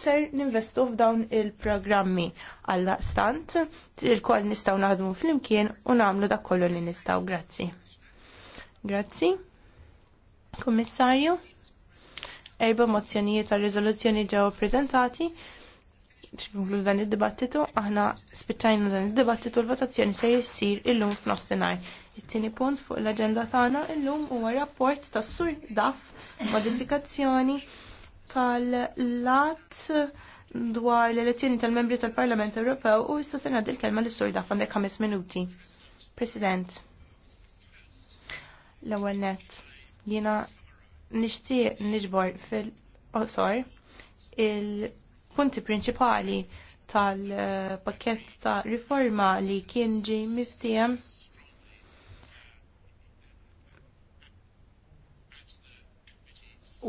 ser ninvestu f'dawn il-programmi għalla stant il kwal nistaw naħdmu fl-imkien u namlu dak kollu li nistaw. Grazzi. Grazzi. Kommissarju. Erba mozzjonijiet għal riżoluzzjoni ġew prezentati biex dan id-dibattitu, aħna spiċċajna dan id-dibattitu l-votazzjoni se jissir illum f'nofsinhar. It-tieni punt fuq l-aġenda tagħna illum huwa rapport tas-sur DAF modifikazzjoni tal-lat dwar l-elezzjoni tal-membri tal-Parlament Ewropew u issa se ngħaddi l-kelma lis Sorda daf għandek ħames minuti. President, l-ewwel nett jiena nixtieq niġbor fil-qosor il-punti prinċipali tal-pakket ta' riforma li kien ġi miftiem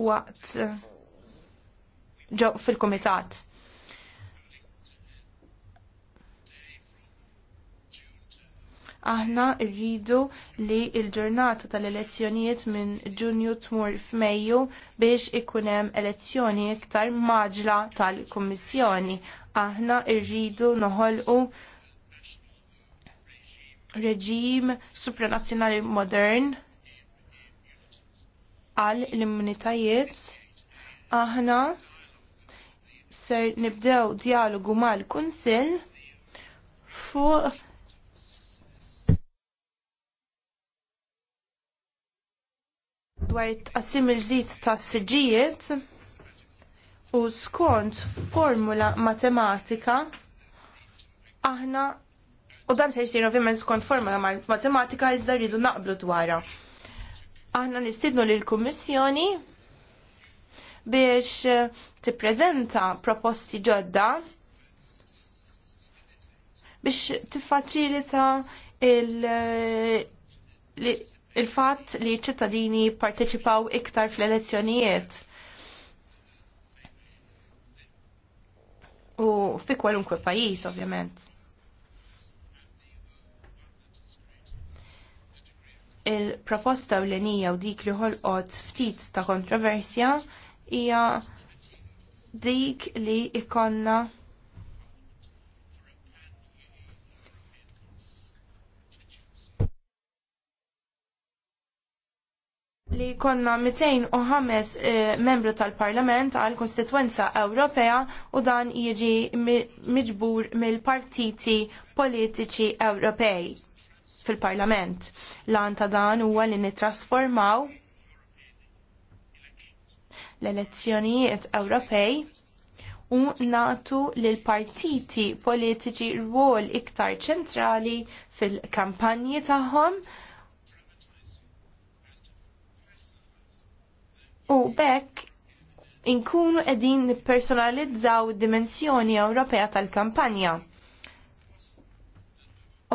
waqt fil-Kumitat. aħna rridu li l ġurnata tal-elezzjonijiet minn ġunju tmur f'Mejju biex ikun hemm elezzjoni iktar maġla tal-Kummissjoni. Aħna rridu noħolqu reġim supranazzjonali modern għall immunitajiet aħna ser nibdew dialogu mal-Kunsill fuq dwar it-tqassim il-ġdid tas siġijiet u skont formula matematika aħna u dan se jsir ovvjament skont formula matematika iżda rridu naqblu dwarha. Aħna nistidnu lill-Kummissjoni biex eh, tippreżenta proposti ġodda biex tiffaċilita eh, il-fatt li ċittadini parteċipaw iktar fl-elezzjonijiet. U fi kwalunkwe pajis, ovvjament. il-proposta u l-enija u dik li ħolqot ftit ta' kontroversja hija dik li ikonna li konna 205 eh, membru tal-Parlament għal konstituenza Ewropea u dan jiġi miġbur mill-partiti politiċi Ewropej fil-Parlament. L-għanta dan huwa li nitrasformaw l-elezzjonijiet Ewropej u natu lill partiti politiċi rwol iktar ċentrali fil-kampanji tagħhom u bekk inkunu qegħdin nippersonalizzaw id-dimensjoni Ewropea tal-kampanja.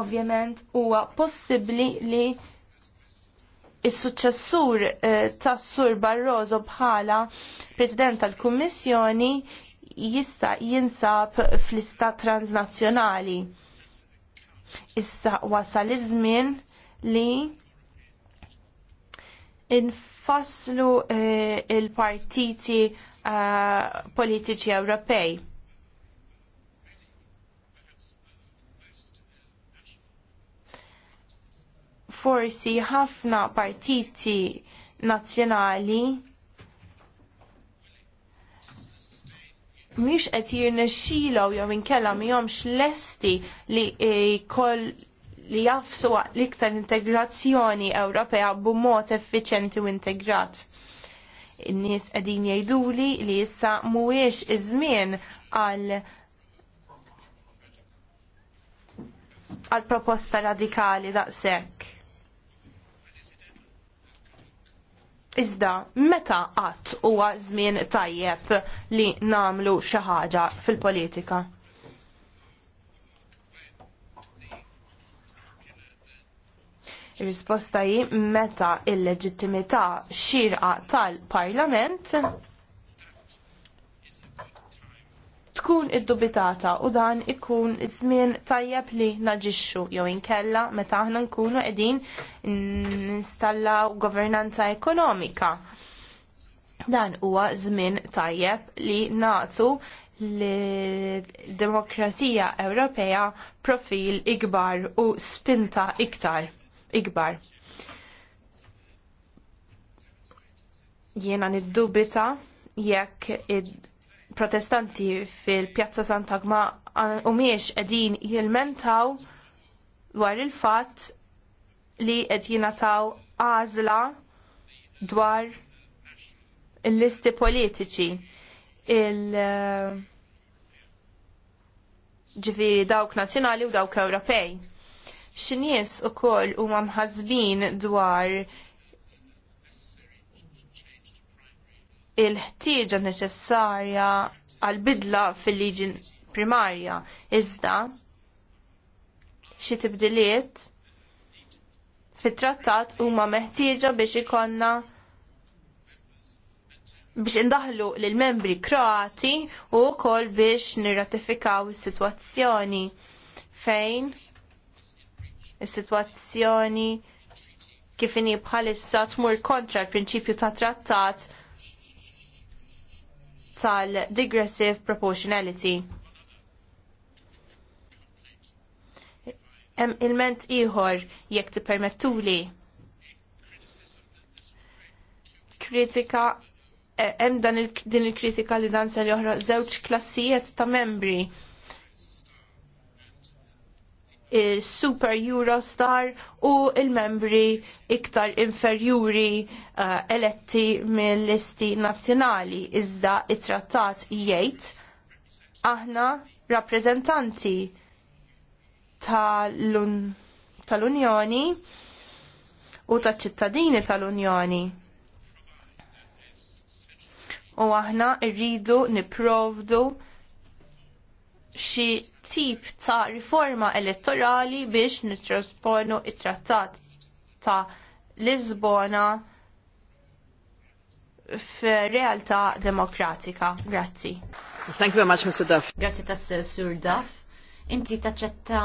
Ovvjament huwa possibbli li il-successur eh, tas Sur Barroso bħala President tal-Kummissjoni jista' jinsab fl-istat transnazzjonali. Issa wasal iż-żmien li infasslu eh, il-partiti eh, politiċi Ewropej forsi ħafna partiti nazzjonali mhix qed jirnexxilhom jew inkella mihomx lesti li eh, jkoll li jafsu l-iktar integrazzjoni Ewropea b'mod effiċjenti u integrat. In-nies qegħdin jgħiduli li issa mhuwiex iż-żmien għal għal proposta radikali daqshekk. Iżda, meta qatt huwa żmien tajjeb li nagħmlu xi ħaġa fil-politika? Risposta hi meta il-leġittimità xirqa tal-Parlament tkun iddubitata u dan ikun żmien tajjeb li naġixxu jew inkella meta aħna nkunu qegħdin ninstallaw governanza ekonomika. Dan huwa żmien tajjeb li nagħtu l demokrazija Ewropea profil ikbar u spinta iktar ikbar. Jiena niddubita jekk id-db protestanti fil-Pjazza Santa eh, u miex edin jilmentaw dwar il-fat li qed jingħataw għażla dwar il-listi politiċi. Il- eh, ġifiri dawk nazzjonali u dawk Ewropej. X'nies ukoll huma mħazbin dwar il-ħtieġa neċessarja għal bidla fil-liġi primarja. Iżda xi tibdiliet fit-trattat huma meħtieġa biex ikonna biex indaħlu lill membri kroati u wkoll biex nirratifikaw is-sitwazzjoni fejn is-sitwazzjoni kif inhi bħalissa tmur kontra l-prinċipju ta' trattat tal-digressive proportionality. Hemm ilment ieħor jekk permettuli. Kritika eh, hemm din il-kritika li dan se joħroq żewġ klassijiet ta' membri il-Super Eurostar u il-membri iktar inferjuri uh, eletti mill-listi nazzjonali. Iżda it-trattat jgħid aħna rappreżentanti tal-Unjoni u taċ ċittadini tal-Unjoni. U aħna rridu nipprovdu xi tip ta' riforma elettorali biex nitrasponu it-trattat ta' Lisbona f'realtà demokratika. Grazzi. Thank you very much, Mr. Duff. Grazzi tas Sur Duff. Inti taċċetta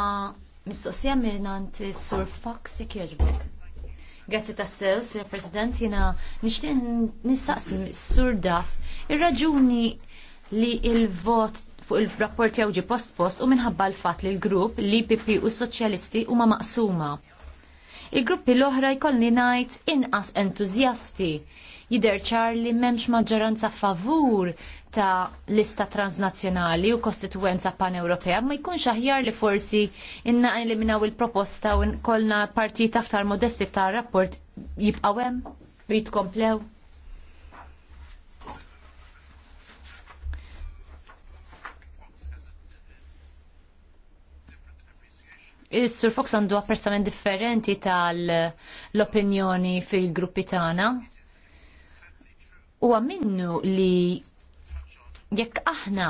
mistoqsija minnant Sur Fox jekk Grazzi tas sew, Sir President, jena nishtin nistaqsi Sur Daf. Ir-raġuni li il-vot fuq il-rapport għawġi post-post u minħabba l-fat li l-grupp li PP u s-soċjalisti huma maqsuma. Il-gruppi l-oħra jkollni najt inqas entuzjasti jider ċar li memx maġġoranza favur ta' lista transnazzjonali u kostituenza pan-Ewropea, ma jkunx aħjar li forsi inna eliminaw il-proposta u kolna partita aktar modesti ta' rapport jibqawem, jitkomplew. Is-Sur Fox għandu apprezzament differenti tal-opinjoni fil-gruppi tagħna. U għamminnu li jekk aħna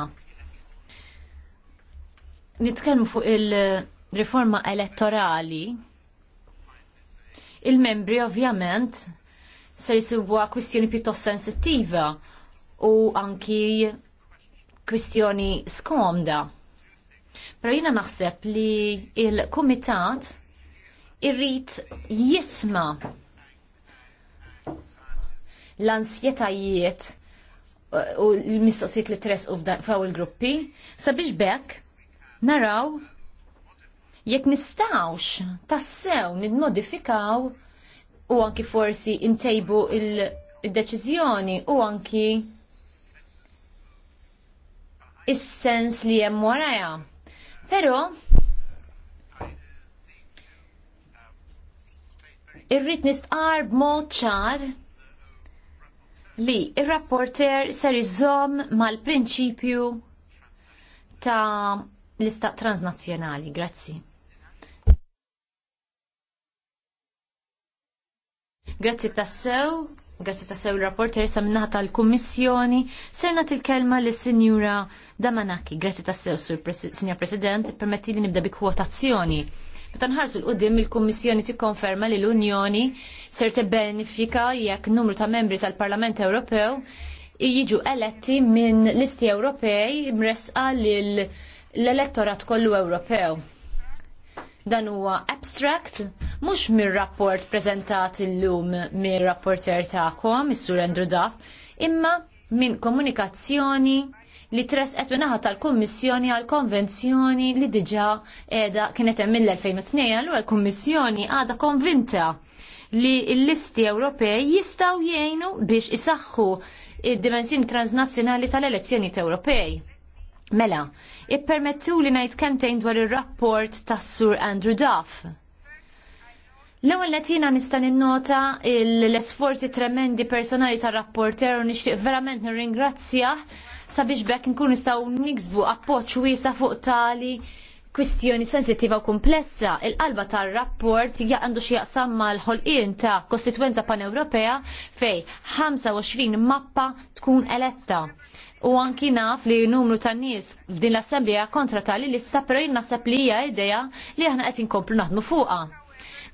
nitkellmu fuq il-riforma elettorali, il-membri ovvjament se jisibwa kwistjoni pjuttost sensittiva u anki kwistjoni skomda Pero jina naħseb li il-Kumitat irrit jisma l-ansjetajiet uh, u l-mistoqsijiet li tres u faw il-gruppi sabiex bekk naraw jekk nistawx tassew nid-modifikaw u anki forsi intejbu il-deċizjoni u anki is-sens li hemm warajha. Però irrid nistqar b'mod ċar li r rapporter ser iżomm mal-prinċipju ta' l-istat transnazzjonali. Grazzi. Grazzi tassew. Grazzi ta' sew rapporter sa' minnaħa tal-Kummissjoni, serna til-kelma l sinjura Damanaki. Grazzi ta' sew, Signor President, permetti li nibda bi kwotazzjoni. Meta nħarsu l-qoddim il-Kummissjoni tikkonferma li l-Unjoni ser tibbenefika jekk numru ta' membri tal-Parlament Ewropew jiġu eletti minn listi Ewropej mresqa l-elettorat kollu Ewropew Dan huwa abstract, mhux mir-rapport preżentat illum mir-rapporter tagħkom, is-Sur Andrew Duff, imma minn komunikazzjoni li tresqet minnaħa tal-Kummissjoni għal-Konvenzjoni li diġa edha kienet hemm mill-2002 allura l-Kummissjoni għadha konvinta li l-listi Ewropej jistaw jgħinu biex isaħħu id-dimensjoni transnazzjonali tal-elezzjoni Ewropej. Mela, ippermettu li ngħid kentejn dwar ir-rapport tas-Sur Andrew Duff. L-ewwel qed nista' ninnota l-esforzi tremendi personali tar-rapporter u nixtieq verament nirringrazzjah sabiex bekk nkun nistgħu niksbu appoġġ wiesa' fuq tali kwistjoni sensittiva u komplessa. Il-qalba tar-rapport għandu xi jaqsam mal-ħolqien ta' Kostituenza pan europea fej 25 mappa tkun eletta. U anki naf li numru ta' nies f'din l-assembleja kontra ta' li lista però jien naħseb li hija idea li aħna qed inkomplu naħdmu fuqha.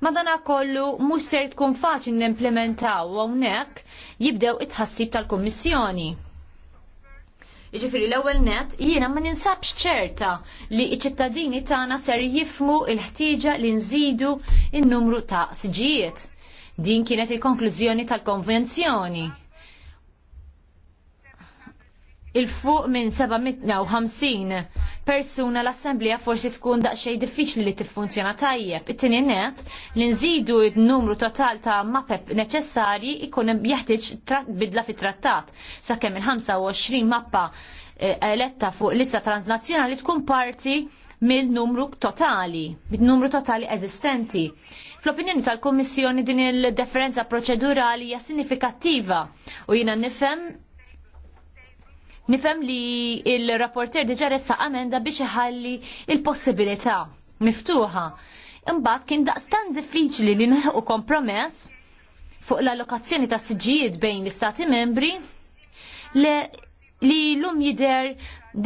Madana kollu mhux ser tkun faċli n-implementaw hawnhekk jibdew it-ħassib tal-Kummissjoni Jiġifieri l-ewwel net jiena ma ninsabx ċerta li ċ-ċittadini tagħna ser jifmu l-ħtieġa li nżidu n numru ta' siġijiet. Din kienet il-konklużjoni tal-konvenzjoni il-fuq minn 750 persuna l assemblija forsi tkun daqsxejn diffiċli li tiffunzjona tajjeb. It-tieni net li nżidu n-numru total ta' mapep neċessarji ikun jeħtieġ bidla fit-trattat sakemm il-25 mappa eh, eletta fuq lista transnazzjonali tkun parti mill-numru totali, mill-numru totali eżistenti. Fl-opinjoni tal-Kommissjoni din il-deferenza proċedurali hija sinifikattiva u jiena nifhem Nifem li il-rapporter diġa ressa amenda biex iħalli il-possibilità miftuħa. Imbagħad kien daqstan diffiċli li nħu kompromess fuq l-allokazzjoni ta' siġijiet bejn l-istati membri li l-lum jider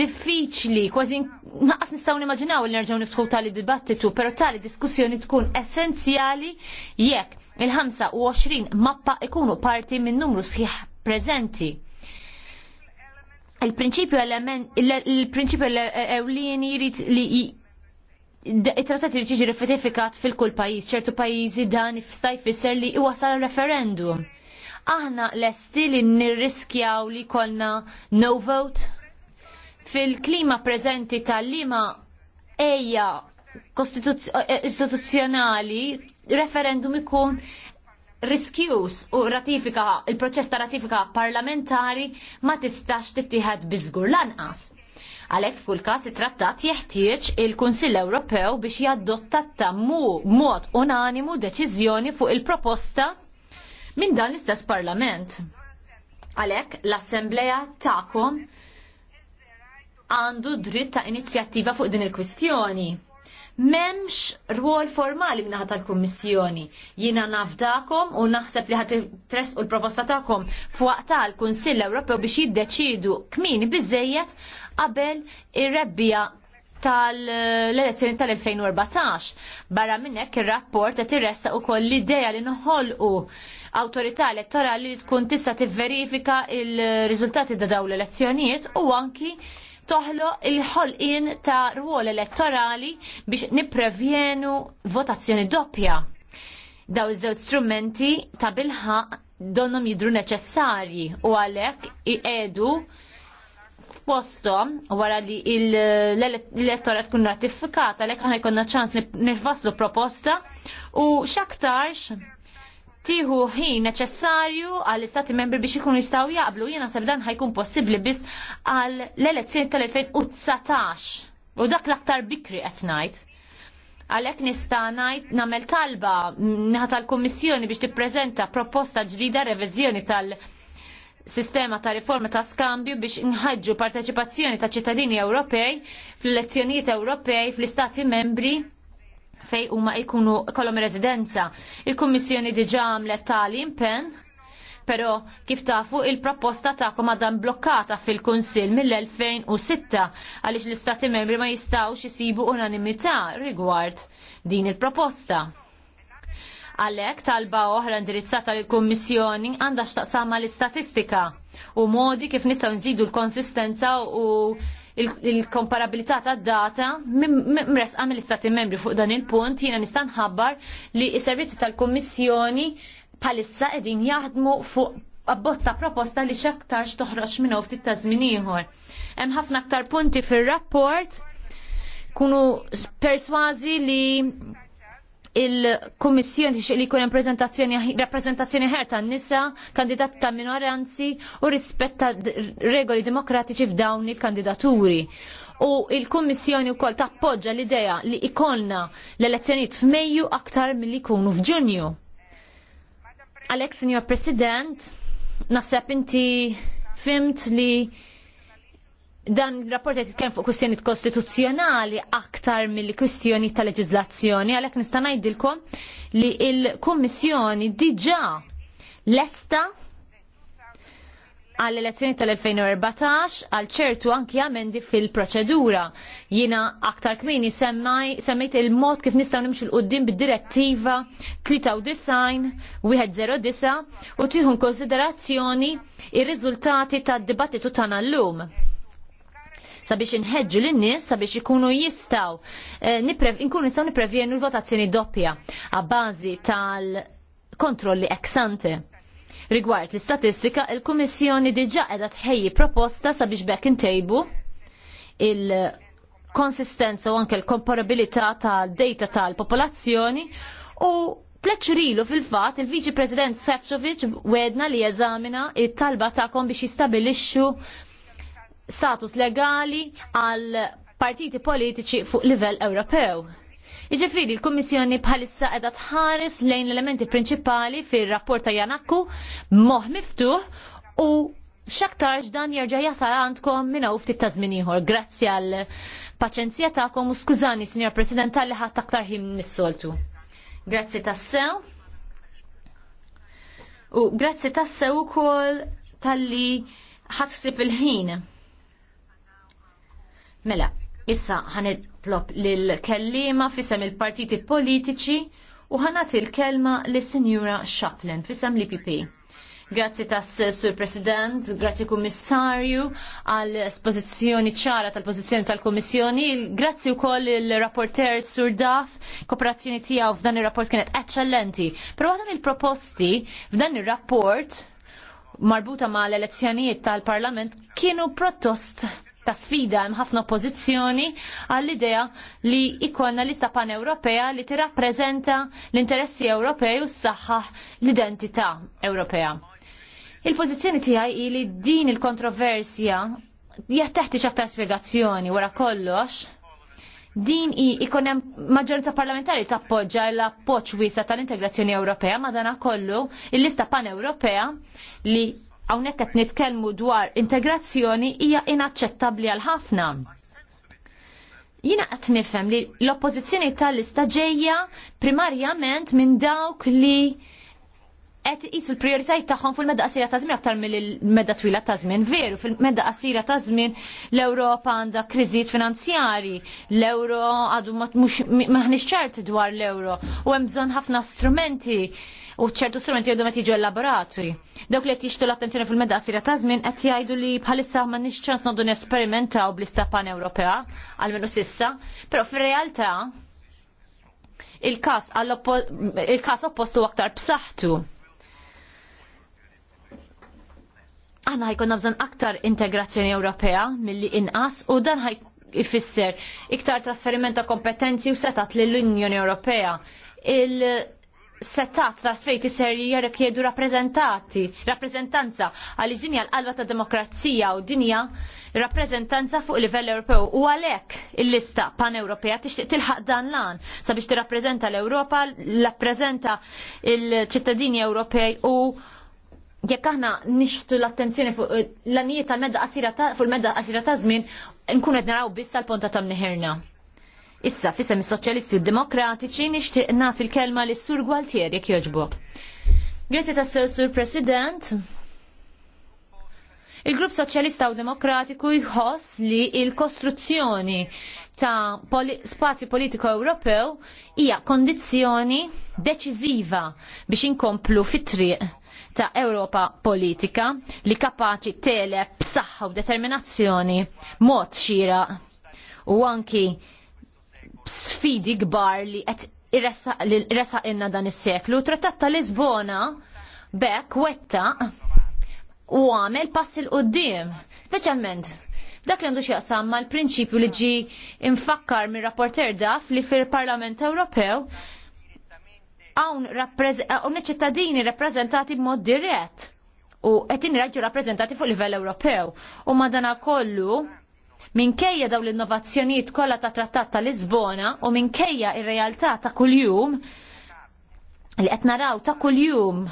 diffiċli, kważi naqas nistaw nimmaġinaw li nerġaw niftħu tali dibattitu, pero tali diskussjoni tkun essenzjali jekk il-25 mappa ikunu parti minn numru sħiħ prezenti il-prinċipju element, il-prinċipju e- ewlieni jrid li it-trattat jrid jiġi rifetifikat fil-kull pajjiż, ċertu pajjiżi dan jista' jfisser li iwasal referendum. Aħna lesti li nirriskjaw li kolna no vote fil-klima preżenti tal-lima ejja e- istituzzjonali referendum ikun riskjus u ratifika, il-proċess ta' ratifika parlamentari ma tistax tittieħed biżgur lanqas. Għalhekk fuq il-każ it-trattat jeħtieġ il-Kunsill Ewropew biex jaddotta ta' mod unanimu deċiżjoni fuq il-proposta minn dan l-istess Parlament. Għalhekk l-Assembleja tagħkom għandu dritt ta' inizjattiva fuq din il-kwistjoni memx rwol formali minnaħat tal-Kommissjoni. Jina nafdakom u naħseb li ħat u l-proposta fuqta l-Kunsill Ewropew biex jiddeċidu kmini biżejjed qabel ir-rebbija tal-elezzjoni tal-2014. Barra minnek il-rapport qed irressa koll l-idea li noħolqu awtorità elettorali li tkun tista' tivverifika il-riżultati ta' dawn l-elezzjonijiet u anki Toħlo il-ħolqien ta' ruol elettorali biex niprevjenu votazzjoni doppja. Daw iż-żewġ strumenti ta' bilħa donnom jidru neċessarji u għalhekk iqedu f'postom wara li l-elettorat tkun ratifikata għalhekk ħana jkollna ċans nirfaslu proposta u x'aktarx tieħu ħin neċessarju għall istati membri biex ikunu jistgħu jaqblu jiena seb dan ħajkun possibbli biss għal l-elezzjoni tal-2019. U dak l-aktar bikri qed ngħid. Għalhekk nista' ngħid nagħmel talba naħa tal-Kummissjoni biex tippreżenta proposta ġdida reviżjoni tal- sistema ta' riforma ta' skambju biex inħaġġu parteċipazzjoni ta' ċittadini Ewropej fl-elezzjonijiet Ewropej fl-Istati membri fej huma jkunu kolom residenza. Il-Kummissjoni diġa għamlet tali impen, pero kif tafu il-proposta ta'kom għadan blokkata fil-Kunsil mill-2006 għaliex l-Istati membri ma jistawx jisibu unanimità rigward din il-proposta. Għalek talba oħra indirizzata l kummissjoni għandha x'taqsama l istatistika u modi kif nistgħu nżidu l-konsistenza u il-komparabilità ta' data mres għamil istati membri fuq dan il-punt jiena nista' nħabbar li s-servizzi tal-Kummissjoni bħalissa qegħdin jaħdmu fuq abbozza proposta li xaktarx toħroġ minn uftit ta' żmien ieħor. Hemm ħafna aktar punti fir-rapport kunu perswazi li il-Kummissjoni li jkun hemm rappreżentazzjoni ħer tan-nisa, kandidat ta' minoranzi u rispetta regoli demokratiċi f'dawn il-kandidaturi. U il-Kummissjoni wkoll tappoġġa l-idea li ikonna l-elezzjonijiet f'Mejju aktar milli jkunu f'Ġunju. Alex, Signor President, naħseb inti fimt li dan il-rapport qed jitkellem fuq kwistjoni kostituzzjonali aktar mill kwistjoni ta' leġiżlazzjoni għalhekk nista' ngħidilkom li l-Kummissjoni diġà lesta għall elezzjoni tal-2014 għal ċertu anki għamendi fil-proċedura. Jina aktar kmini semmejt il-mod kif nistaw nimxu l-qoddim bid-direttiva 39-109 u tiħun konsiderazzjoni il-rizultati tad dibattitu tana l-lum sabiex inħeġġu lin-nies sabiex ikunu jistgħu eh, inkunu nkunu nistgħu l-votazzjoni doppja għabbażi tal-kontrolli ex ante. Rigward l-istatistika, il-Kummissjoni diġà qiegħda tħejji proposta sabiex bekk intejbu il-konsistenza u anke l-komparabilità tal-data tal-popolazzjoni u Tleċrilu fil-fat il-Viċi President Sefcovic wedna li jeżamina it-talba ta'kom biex jistabilixxu status legali għal partiti politiċi fuq livell Ewropew. Iġifiri, l-Kommissjoni bħalissa edha tħares lejn l-elementi prinċipali fil-rapport ta' Janakku moħ miftuħ u xaktarx dan jerġa' jasal għandkom minna hawn ftit ta' ieħor. Grazzi għal paċenzija tagħkom u skużani, Sinjor President, tal-li ħadd aktar ħin mis-soltu. Grazzi tassew. U grazzi tassew ukoll tal-li ħadsib il-ħin. Mela, issa ħanitlob lil-kellima fisem il-partiti politiċi u ħanat il-kelma l sinjura Chaplin fisem l-IPP. Grazzi tas Sur President, grazzi Kummissarju għal espożizzjoni ċara tal-pożizzjoni tal-Kummissjoni, grazzi wkoll il-rapporter Sur Daf, kooperazzjoni tiegħu f'dan ir-rapport kienet eċċellenti. Però waħda mill-proposti f'dan ir-rapport marbuta ma' l-elezzjonijiet tal-Parlament kienu protost ta' sfida hemm ħafna oppożizzjoni għall-idea li ikollna lista pan-Ewropea li tirrappreżenta l-interessi Ewropej u s-saħħaħ l-identità Ewropea. Il-pożizzjoni tiegħi hi li din il-kontroversja jeħteħtiex aktar spjegazzjoni wara kollox din i ikon hemm maġġoranza parlamentari tappoġġa l appoġġ wiesa tal-integrazzjoni Ewropea madana kollu il-lista pan-Ewropea li hawnhekk qed nitkellmu dwar integrazzjoni hija inaċċettabbli għal ħafna. Jina qed nifhem li l-oppożizzjoni tal-lista ġejja primarjament minn dawk li qed jisu l prioritaj tagħhom fil-medda qasira ta' żmien aktar mill-medda twila ta' żmien. Veru, fil-medda qasira ta' żmien l-Ewropa għandha kriżijiet finanzjari, l-euro għadu maħniex dwar l-euro u hemm bżonn ħafna strumenti u ċertu strumenti għadhom qed jiġu elaborati. Dawk li qed jixtu l-attenzjoni fil-meda sira ta' żmien qed jgħidu li bħalissa m'għandniex ċans nodu nesperimentaw bl-ista pan-Ewropea għalmenu sissa, però fir-realtà il-każ il-każ oppostu aktar b'saħħtu. Aħna ħajkonna bżonn aktar integrazzjoni Ewropea milli inqas u dan ħaj ifisser iktar trasferiment ta' kompetenzi u setat lill unjoni Ewropea setat trasfejti ser jerek jiedu rappresentati, rappresentanza għalix dinja l-qalba ta' demokrazija u dinja rappresentanza fuq livell Ewropew u għalek il-lista pan-Ewropea tixtieq tilħaq dan lan sabiex tirrappreżenta l-Ewropa, rappreżenta il-ċittadini Ewropej u jekk aħna nixħtu l-attenzjoni fuq l-anijiet tal-medda qasira fuq il-medda qasira ta' żmien nkun qed naraw biss tal-ponta ta' mniħirna. Issa, fissem il-Soċjalisti Demokratiċi nixtieq nagħti il-kelma lis sur Gualtieri jekk jogħġbok. ta tassew sur President. Il-Grupp Soċjalista u Demokratiku jħoss li il-kostruzzjoni ta' poli spazju politiku Ewropew hija kondizzjoni deċiżiva biex inkomplu fit-triq ta' Ewropa politika li kapaċi tele b'saħħa u determinazzjoni mod xira u anki sfidi kbar li qed irresa inna dan is-seklu. Trattat ta' Lisbona bekk wetta u għamel pass il qoddim speċjalment dak li għandu ma l prinċipju li ġi infakkar mir rapporter daf li fil-Parlament Ewropew hawn hawn ċittadini rappreżentati b'mod dirett u qed inraġġu rappreżentati fuq livell Ewropew. U madana kollu minkejja daw l-innovazzjonijiet kollha ta' trattat ta' Lisbona u minkejja ir-realtà ta' kuljum li qed naraw ta' kuljum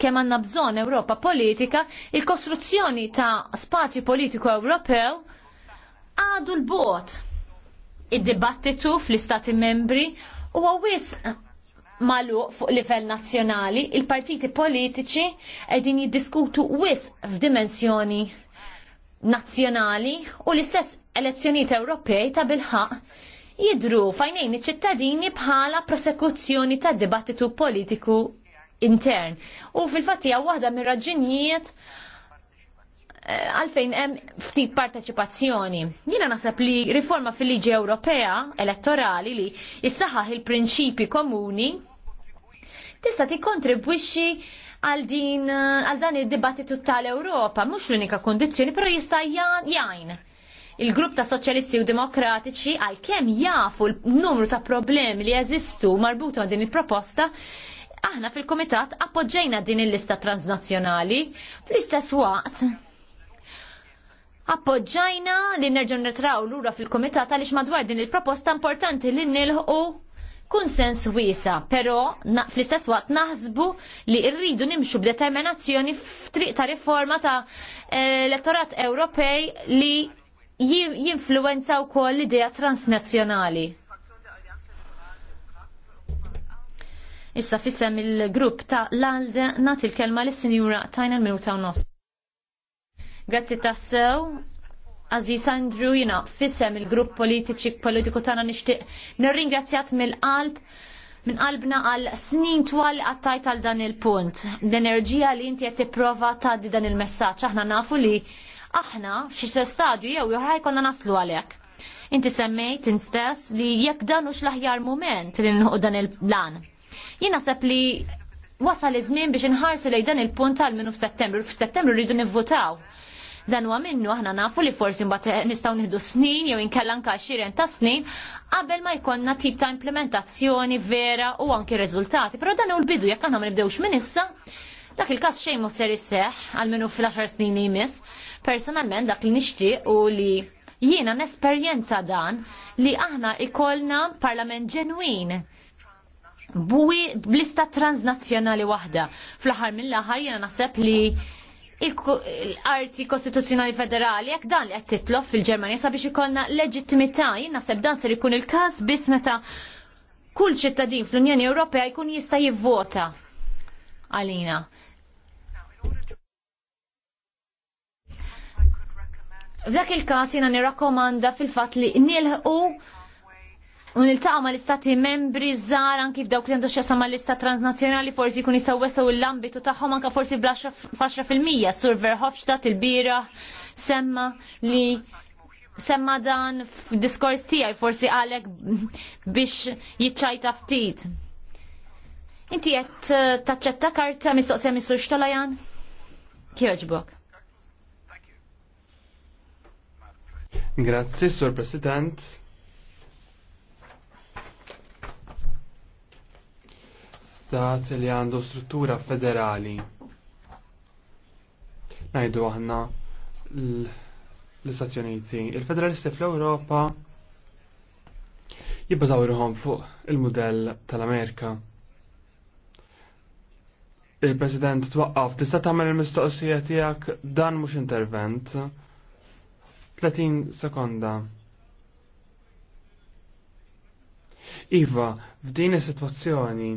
kemm għandna bżonn Ewropa politika, il-kostruzzjoni ta' spazju politiku Ewropew għadu l-bot. Id-dibattitu fl-istati membri u għawis malu fuq livell nazzjonali, il-partiti politiċi qegħdin jiddiskutu wis f'dimensjoni nazzjonali u l-istess elezzjonijiet Ewropej ta' bilħaq jidru fajnejn iċ-ċittadini bħala prosekuzzjoni ta' dibattitu politiku intern. U fil-fatt hija waħda mir raġinijiet eh, għalfejn hemm ftit parteċipazzjoni. Jiena naħseb li riforma fil-liġi Ewropea elettorali li jissaħħaħ il-prinċipi komuni tista' tikkontribwixxi għal din għal dan id-dibattitu tal-Ewropa, mhux l-unika kondizzjoni, però jista' jgħin. Il-grupp ta' Soċjalisti u Demokratiċi għal kemm jafu l-numru ta' problemi li jeżistu marbuta ma' din il-proposta, aħna fil-Komitat appoġġejna din il-lista transnazzjonali fl-istess waqt appoġġajna li nerġgħu nitraw lura fil-Komitat għaliex madwar din il-proposta importanti li nilħu sens wiesa, però fl-istess waqt naħsbu li rridu nimxu b'determinazzjoni f'triq ta' riforma ta' elettorat Ewropej li jinfluenza wkoll l-idea transnazzjonali. Issa fissem il-grupp ta' l-alde nagħti l kelma lis sinjura tajna l-minuta u nofs. Grazzi tassew, Aziz Andrew, jina fissem il-grupp politiċi politiku tana nishtiq nirringrazzjat mill-qalb minn qalbna għal snin twal għattajt għal dan il-punt. L-enerġija li inti prova tipprova di dan il-messaċ. Aħna nafu li aħna f'xi stadju jew joħraj konna naslu għalek. Inti semmejt instess li jekk dan ux l-aħjar moment li nħu dan il plan Jina sepp li wasal iż-żmien biex inħarsu lejn dan il-punt għal minnu f'Settembru, f'Settembru rridu nivvotaw. Dan huwa minnu aħna nafu li forsi mbagħad nistgħu nieħdu snin jew inkella anke xiren ta' snin qabel ma jkollna tip ta' implementazzjoni vera u anke riżultati. Però dan hu l-bidu jekk aħna ma nibdewx minn issa, Dak il-kas xejn mhux ser isseħ għal minnu fl-10 snin li jmiss, personalment dak li nixtieq u li jiena nesperjenza dan li aħna ikollna parlament ġenwin bwi blista transnazzjonali waħda. Fl-aħħar mill-aħħar jiena naħseb li l-arti kostituzzjonali federali jekk dan li qed titlob fil-Ġermanja sabiex ikollna leġittimità jien naħseb dan ser ikun il-każ biss meta kull ċittadin fl-Unjoni Ewropea jkun jista' jivvota għalina. F'dak il-każ jiena nirrakkomanda fil-fatt li nilħu il-taqa niltaqgħu mal-istati membri żgħar anki f'dawk li għandu xesa l-istat transnazzjonali forsi jkun jistgħu wessaw l-ambitu tagħhom anke forsi faxra fil-mija. Sur Verhofstadt il-bira semma li semma dan f'diskors tiegħi forsi għalek biex jiċċajta ftit. Inti jett eh, taċċetta karta mistoqsija mis-sur Xtolajan? Kjoġbok. Grazzi, Sur President. stat li għandu struttura federali. Najdu aħna l-Istati Uniti. Il-federalisti fl-Europa jibbażaw irħom fuq il-modell tal-Amerika. Il-President twaqqaf, tista' tagħmel il-mistoqsija tiegħek dan mhux intervent. 30 sekonda. Iva, f'din is-sitwazzjoni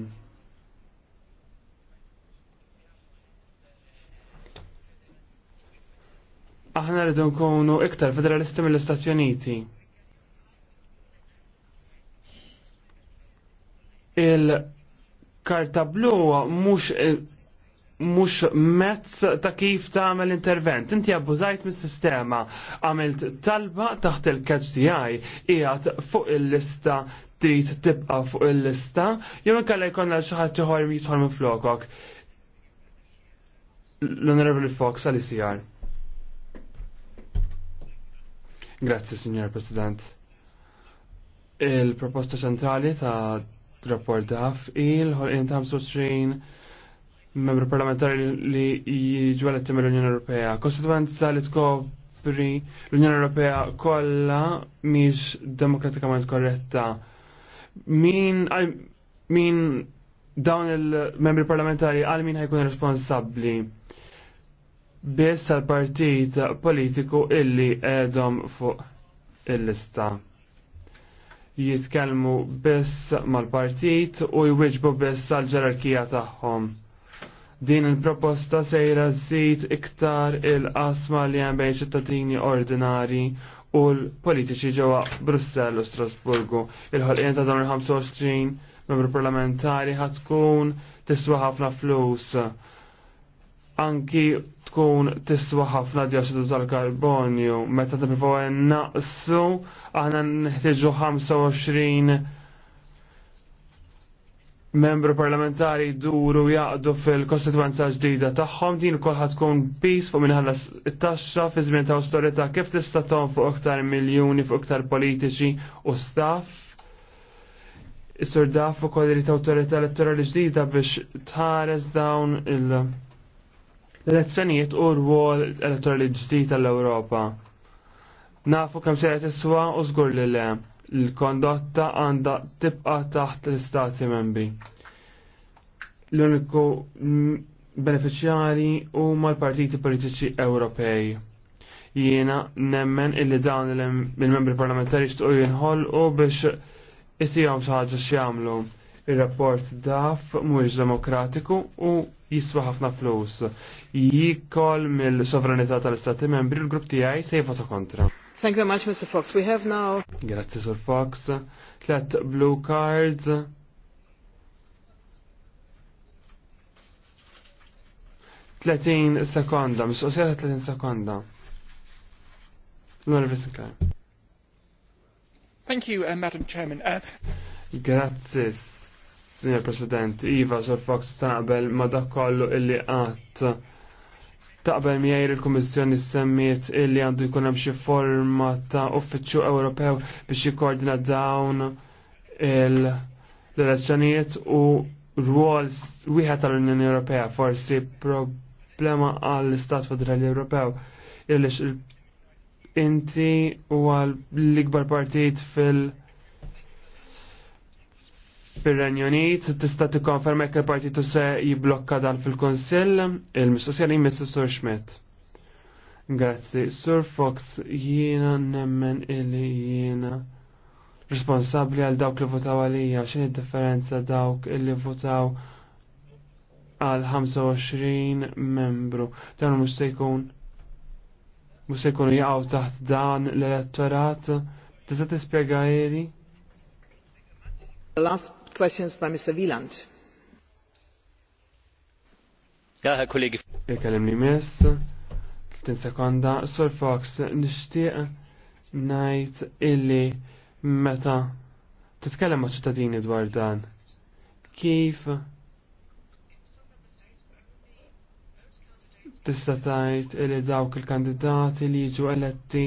aħna rridu nkunu iktar federalisti mill-Istati Uniti. Il-karta blu mhux eh, mhux mezz ta' kif tagħmel intervent. Inti abbużajt mis-sistema, għamilt talba taħt il-catch DI, qiegħed fuq il-lista trid tibqa' fuq il-lista, jew inkella jkollna xi ħadd ieħor jidħol minn flokok. L-Onorevoli Fox għal-ICR. Grazzi, Signor President. Il-proposta ċentrali ta' rapport DAF il-ħolqin ta' 25 membru parlamentari li jiġu għal mill-Unjoni Ewropea. Kostituenza li tkopri l-Unjoni Ewropea kollha mhix demokratikament korretta. Min min dawn il-membri parlamentari għal min ħajkun responsabbli biss tal-partit politiku illi edhom fuq il-lista. Jitkellmu biss mal-partit u jwiġbu biss tal-ġerarkija tagħhom. Din il-proposta sejra żid iktar il-qasma li hemm bejn ċittadini ordinari u l-politiċi ġewwa Brussell u Strasburgu. Il-ħolqien ta' dawn il-25 membru parlamentari ħatkun tiswa ħafna flus anki tkun tiswa ħafna dioxidu tal-karbonju. Meta tabifu għen naqsu, għana nħtiġu 25 membru parlamentari duru jaqdu fil-kostituenza ġdida tagħhom din kolħat tkun bis fuq minħallas it-taxxa fi żmien ta' awtorità kif tista' tom fuq iktar miljuni fuq iktar politiċi u staff. Is-sur daf ukoll irid autorita elettorali ġdida biex tħares dawn il- l-elezzjonijiet u r-wol elettorali ġdid tal-Ewropa. Nafu kemm se iswa u żgur li le l-kondotta għandha tibqa' taħt l-istati membri. L-uniku beneficjari huma l-partiti politiċi Ewropej. Jiena nemmen illi dawn il-membri parlamentari jistgħu jinħolqu biex jisijom xi xjamlu. il Ir-rapport daf mhuwiex demokratiku u jiswa ħafna flus. Jikol mill-sovranità tal-Istati membri l-grupp tiegħi se jivota kontra. Thank you very much, Mr. Fox. We have now. Grazzi, Sir Fox. Tlet blue cards. Tletin sekonda, mis-sosjata 30 sekonda. Thank you, uh, Madam Chairman. Uh... Grazie, Signor President, Iva Fox taqbel ma dakollu illi qatt taqbel miegħi il-Kummissjoni semmiet illi għandu jkun hemm xi forma ta' uffiċċju Ewropew biex jikkoordina dawn l-elezzjonijiet u rwol wieħed tal-Unjoni Ewropea forsi problema għall istat Federali Ewropew illi inti u għal l-ikbar partit fil- fil-Renju Unit tista' tikkonferma jekk il-partitu se jiblokka dan fil-Kunsill il-mistoqsija li Sur Schmidt. Grazzi, Sur Fox jiena nemmen illi jiena responsabbli għal dawk li votaw għalija x'in differenza dawk illi votaw għal 25 membru. Dan mhux se jkun mhux se jkunu jaqgħu taħt dan l-elettorat. Tista' tispjega jeri? Last questions by Mr. Wieland. Ja, Herr Kollege. Ikellem li mess, 30 sekonda, Sir Fox, nishtiq najt illi meta titkellem ma' ċittadini dwar dan. Kif tista' tgħid illi dawk il-kandidati li jiġu eletti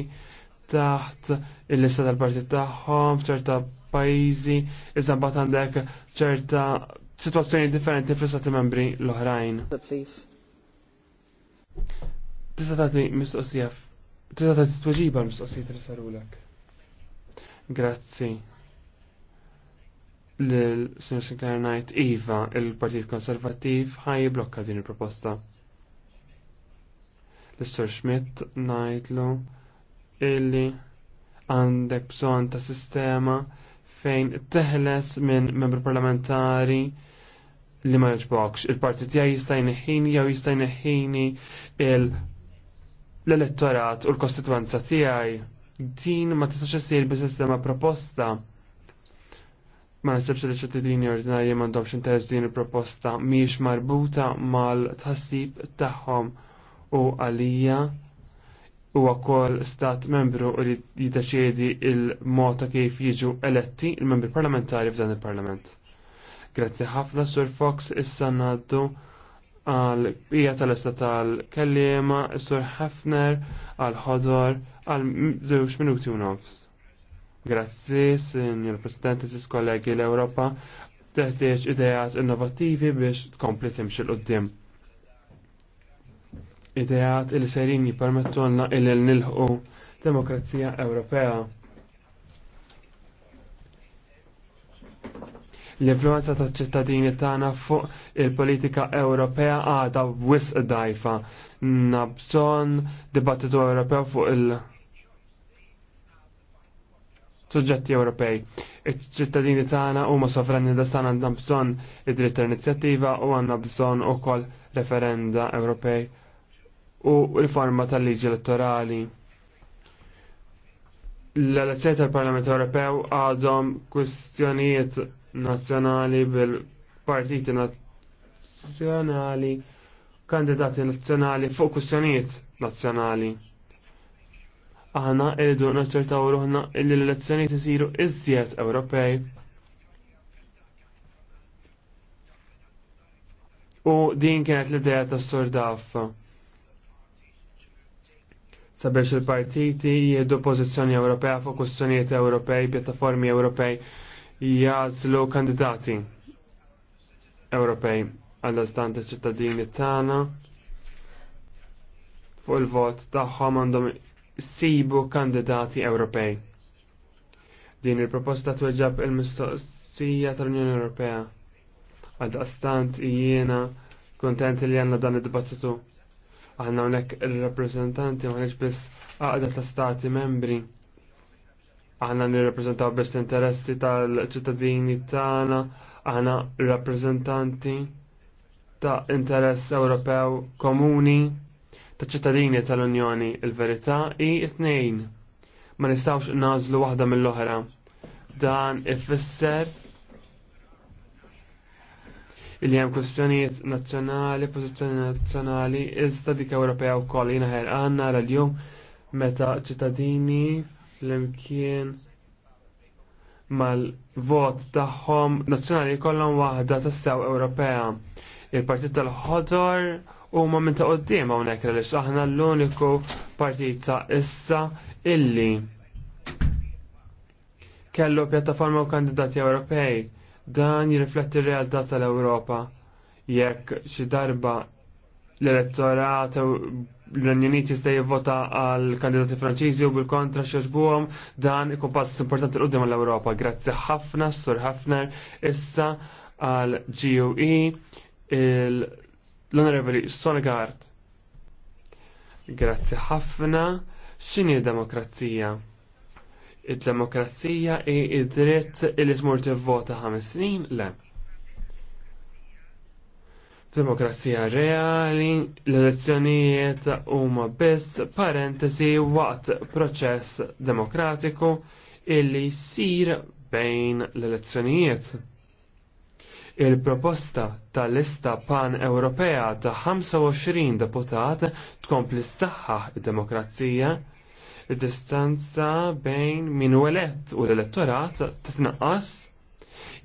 taħt il-lista tal-partit tagħhom f'ċerta pajjiżi iżda mbagħad għandek ċerta situazzjoni differenti fl-istati membri l-oħrajn. Tista' tagħti mistoqsija tista' tagħti tweġiba mistoqsija li sarulek. Grazzi. L-Sinjor Sinclair Knight Iva, il-Partit Konservattiv ħaj blokka din il-proposta. L-Istor Schmidt ngħidlu illi għandek bżonn ta' sistema fejn teħles minn membru parlamentari li ma jġbokx. Il-partit ja jista' ħini, jew jista' jneħħini l-elettorat u l-kostituenza tiegħi. Din ma tistax issir biex sistema proposta. Ma nisibx li ċittadini ordinarji m'għandhomx interess din il-proposta mhijiex marbuta mal-tħassib tagħhom u għalija huwa wkoll stat membru li jiddeċiedi il-mod ta' kif jiġu eletti il-membri parlamentari f'dan il-Parlament. Grazzi ħafna Sur Fox issa Naddu, għal bija tal-esta tal-kellima Sur Hefner għal ħodor għal żewġ minuti u nofs. Grazzi, Signor President, Sis kollegi l-Europa, teħtieġ idejas innovativi biex tkompli timxil qoddim ideat il serin jipermettonna il nilħu demokrazija Ewropea. L-influenza ta' ċittadini tagħna fuq il-politika Ewropea għadha wisq dajfa. Nabżon dibattitu Ewropew fuq il- suġġetti Ewropej. Iċ-ċittadini tagħna huma sofrani da sana għandna bżonn id-dritt tal-inizjattiva u għandna bżonn ukoll referenda Ewropej u riforma tal-liġi elettorali. L-elezzjoni tal-Parlament Ewropew għadhom kwistjonijiet nazzjonali bil-partiti nazzjonali, kandidati nazzjonali fuq kwistjonijiet nazzjonali. Aħna irridu naċċertaw ruħna li l-elezzjonijiet isiru iżjed Ewropej U din kienet l-ideja ta' Sordaf sabiex il-partiti jiedu pożizzjoni Ewropea fuq kustjonijiet Ewropej, pjattaformi Ewropej jazlu kandidati Ewropej għall-istant ċittadini tagħna fuq il-vot tagħhom għandhom sibu kandidati Ewropej. Din il-proposta tweġab il-mistoqsija tal-Unjoni Ewropea. Għal istant jiena kontent li għanna dan id-dibattitu Għanna unek il-rappresentanti maħniġ biss għaqda ta' stati membri. Għanna nirrappresentaw biss l-interessi tal-ċittadini tagħna, għanna rappresentanti ta' interess Ewropew komuni ta' ċittadini tal-Unjoni il-verità i t-tnejn. Ma nistawx nażlu waħda mill-oħra. Dan ifisser li hemm kwestjonijiet nazzjonali, pożizzjoni nazzjonali, iżda dik Ewropea wkoll jiena ħerqan nara l-jum meta ċittadini flimkien mal-vot tagħhom nazzjonali kollhom waħda tassew Ewropea. Il-Partit tal-Ħodor huma minn ta' qoddim hawnhekk għaliex aħna l-uniku partit ta' issa illi kellu pjattaforma u kandidati Ewropej Dan jirrifletti r-realtà tal-Ewropa. Jekk xi darba l-elettorat l-Unjoni Uniti jista' jivvota għal kandidati Franċiżi u bil-kontra xogħbuhom dan ikun pass importanti qudiem għall ewropa Grazzi ħafna, Sur Hafner, issa għal GUE l-Onorevoli Sonegard. Grazzi ħafna, x'inhi demokrazija? id-demokrazija i id-dritt li tmur tivvota ħames snin le. Demokrazija reali, l-elezzjonijiet huma biss parentesi waqt proċess demokratiku illi jsir bejn l-elezzjonijiet il-proposta tal-lista pan-Ewropea ta' 25 deputat tkompli s-saħħa demokrazija id-distanza bejn min u elett u l-elettorat titnaqqas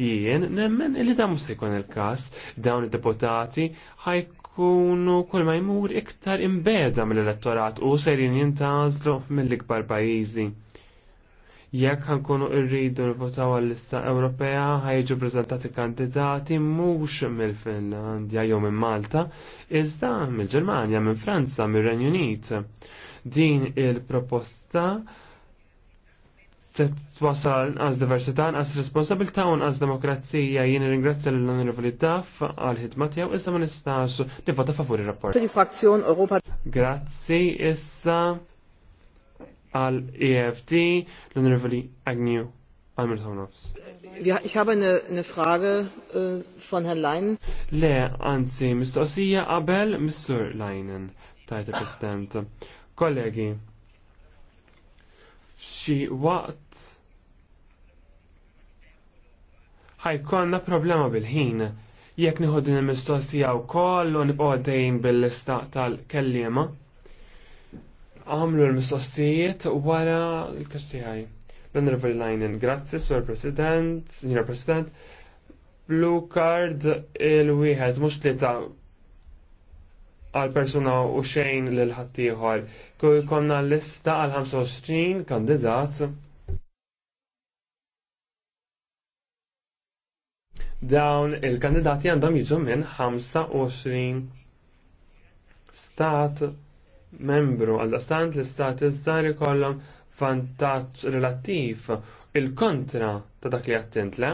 jien nemmen li da se jkun il-każ dawn id-deputati ħajkunu kull ma jmur iktar imbeda mill-elettorat u serin jintazlu mill-ikbar pajjiżi. Jekk ħankunu irridu nvotaw għall-lista Ewropea ħajġu preżentati kandidati mhux mill-Finlandja jew minn Malta, iżda mill-Ġermanja, minn Franza, mill renju Unit Din il-proposta se twasal għaz diversità, għaz responsabilità u għaz demokrazija jien ringrazzja l-Onorevoli Daff għal ħidma tiegħu issa ma nistax nivvota favur rapport Grazzi issa għal EFT l-Onorevoli Agnew. Ich habe eine, eine Frage äh, von Herrn Leinen. Le, anzi, mistoqsija abel, Mr. Leinen, tajta President. Kollegi, xi waqt ħajkonna problema bil-ħin jekk nieħu din il-mistoqsija wkoll u nibqgħu għaddejjin bil-lista tal-kelliema. Għamlu l-mistoqsijiet wara l-kastijaj. L-Honorable Linen, grazzi, Sur President, Signor President, Blue Card il-wieħed mhux tlieta għal persuna u xejn lil ħaddieħor. Konna lista għal 25 kandidat. Dawn il-kandidati għandhom jiġu minn 25 stat membru għal stant l-istat iżdar ikollhom vantaġġ relattiv il-kontra ta' dak li għattint, le?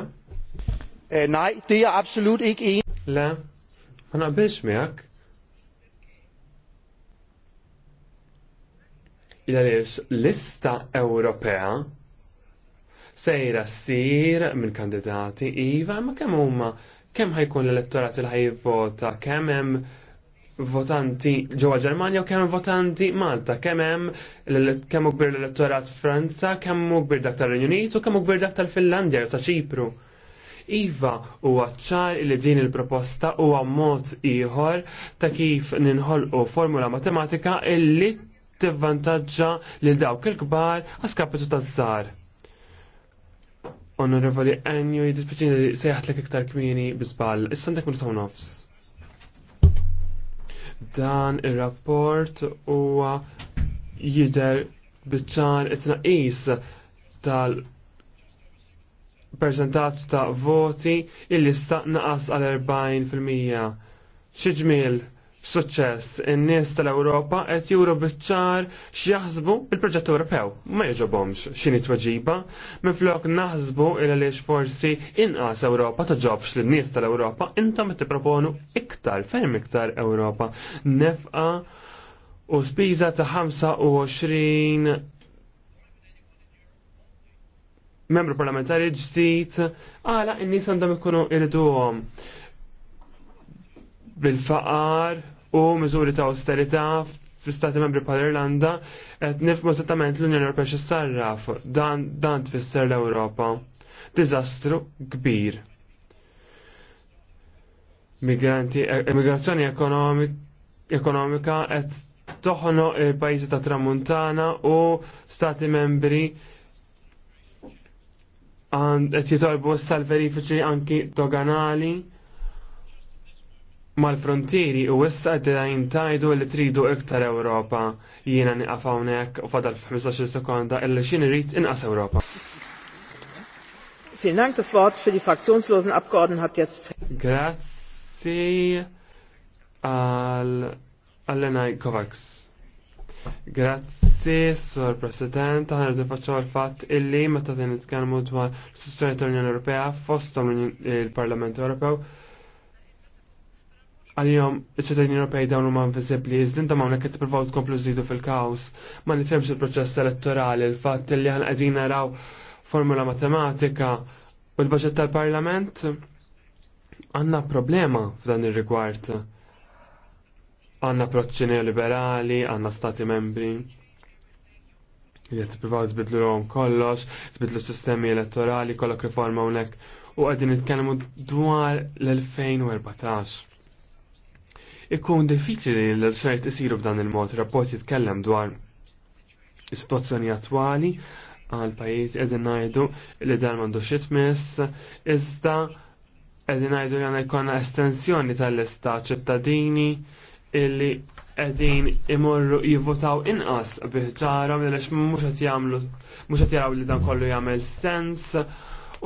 Eh, Najt, tija er absolut ik Le, ma naqbilx miegħek. il-għaliex lista Ewropea sejra ssir minn kandidati iva, ma kemm huma kemm ħajkun l-elettorat ħaj ħajvota, kemm hemm votanti ġewwa Ġermanja u kemm votanti Malta, kemm hemm kemm kbir l-elettorat Franza, kemm kbir dak tal-Renju Unit u kemm kbir dak tal-Finlandja jew ta' Ċipru. Iva huwa ċar li din il-proposta huwa mod ieħor ta' kif ninħolqu formula matematika illi tivvantaġġa lil dawk il-kbar għaskapitu taż zzar. Onorevoli Enju, jidispeċin li sejħatlek iktar kmini bizbal, issandak minn ta' nofs. Dan il-rapport huwa jider bieċar it-naqis tal- perċentaġġ ta' voti illi lista naqas għal 40%. Xi ġmiel Suċċess, in-nies tal-Ewropa qed juru biċ-ċar x'jaħsbu il-proġett Ewropew. Ma jogħġobhomx x'inhi tweġiba, minflok naħsbu il għaliex forsi inqas Ewropa ta' ġobx lin-nies tal-Ewropa intom qed tipproponu iktar ferm iktar Ewropa nefqa u spiża ta' 25 membru parlamentari ġdid għala n-nies għandhom ikunu irriduhom bil-faqar u miżuri ta' austerita fl-Stati Membri bħal Irlanda qed nifmu settament l-Unjoni Ewropea x'issarraf dan dan tfisser l-Ewropa. Diżastru kbir. Migranti, e, immigrazzjoni ekonomika qed toħno il-pajjiżi ta' Tramuntana u Stati Membri qed jitolbu s-sal verifiċi anki doganali mal-frontieri u issa għedin tajdu li tridu iktar Ewropa. Jiena niqafawnek hawnhekk u fadal f'15 sekonda illi xi rrit inqas Ewropa. Vielen Dank, das Wort für die fraktionslosen Abgeordneten hat jetzt. Grazie al Alena Kovacs. Grazzi, Sor President, għan rridu faċċaw il-fatt illi meta t-nitkellmu dwar s istituzzjoni tal-Unjoni Ewropea fostom il-Parlament Ewropew għal-jom il ċittadini Ewropej dawn huma inviżibbli, ta' ma hawnhekk qed tippruvaw tkomplu żidu fil-kaos. Ma nifhemx il-proċess elettorali, il-fatt li aħna qegħdin naraw formula matematika u l-baġġett tal-Parlament għandna problema f'dan ir-rigward. Għandna proċċi neoliberali, għandna stati membri li qed tippruvaw rom kollox, tbidlu s-sistemi elettorali, kollok riforma hawnhekk u qegħdin nitkellmu dwar l-2014 ikun diffiċli li l-xajt isiru b'dan il-mod. Rapport jitkellem dwar is-situazzjoni attwali għal pajjiż qegħdin ngħidu li dan m'għandux xitmess, iżda qegħdin ngħidu li għandna jkollna estensjoni tal-lista ċittadini illi qegħdin imorru jivvotaw inqas biħġarhom għaliex mhux qed jagħmlu mhux qed jaraw li dan kollu jagħmel sens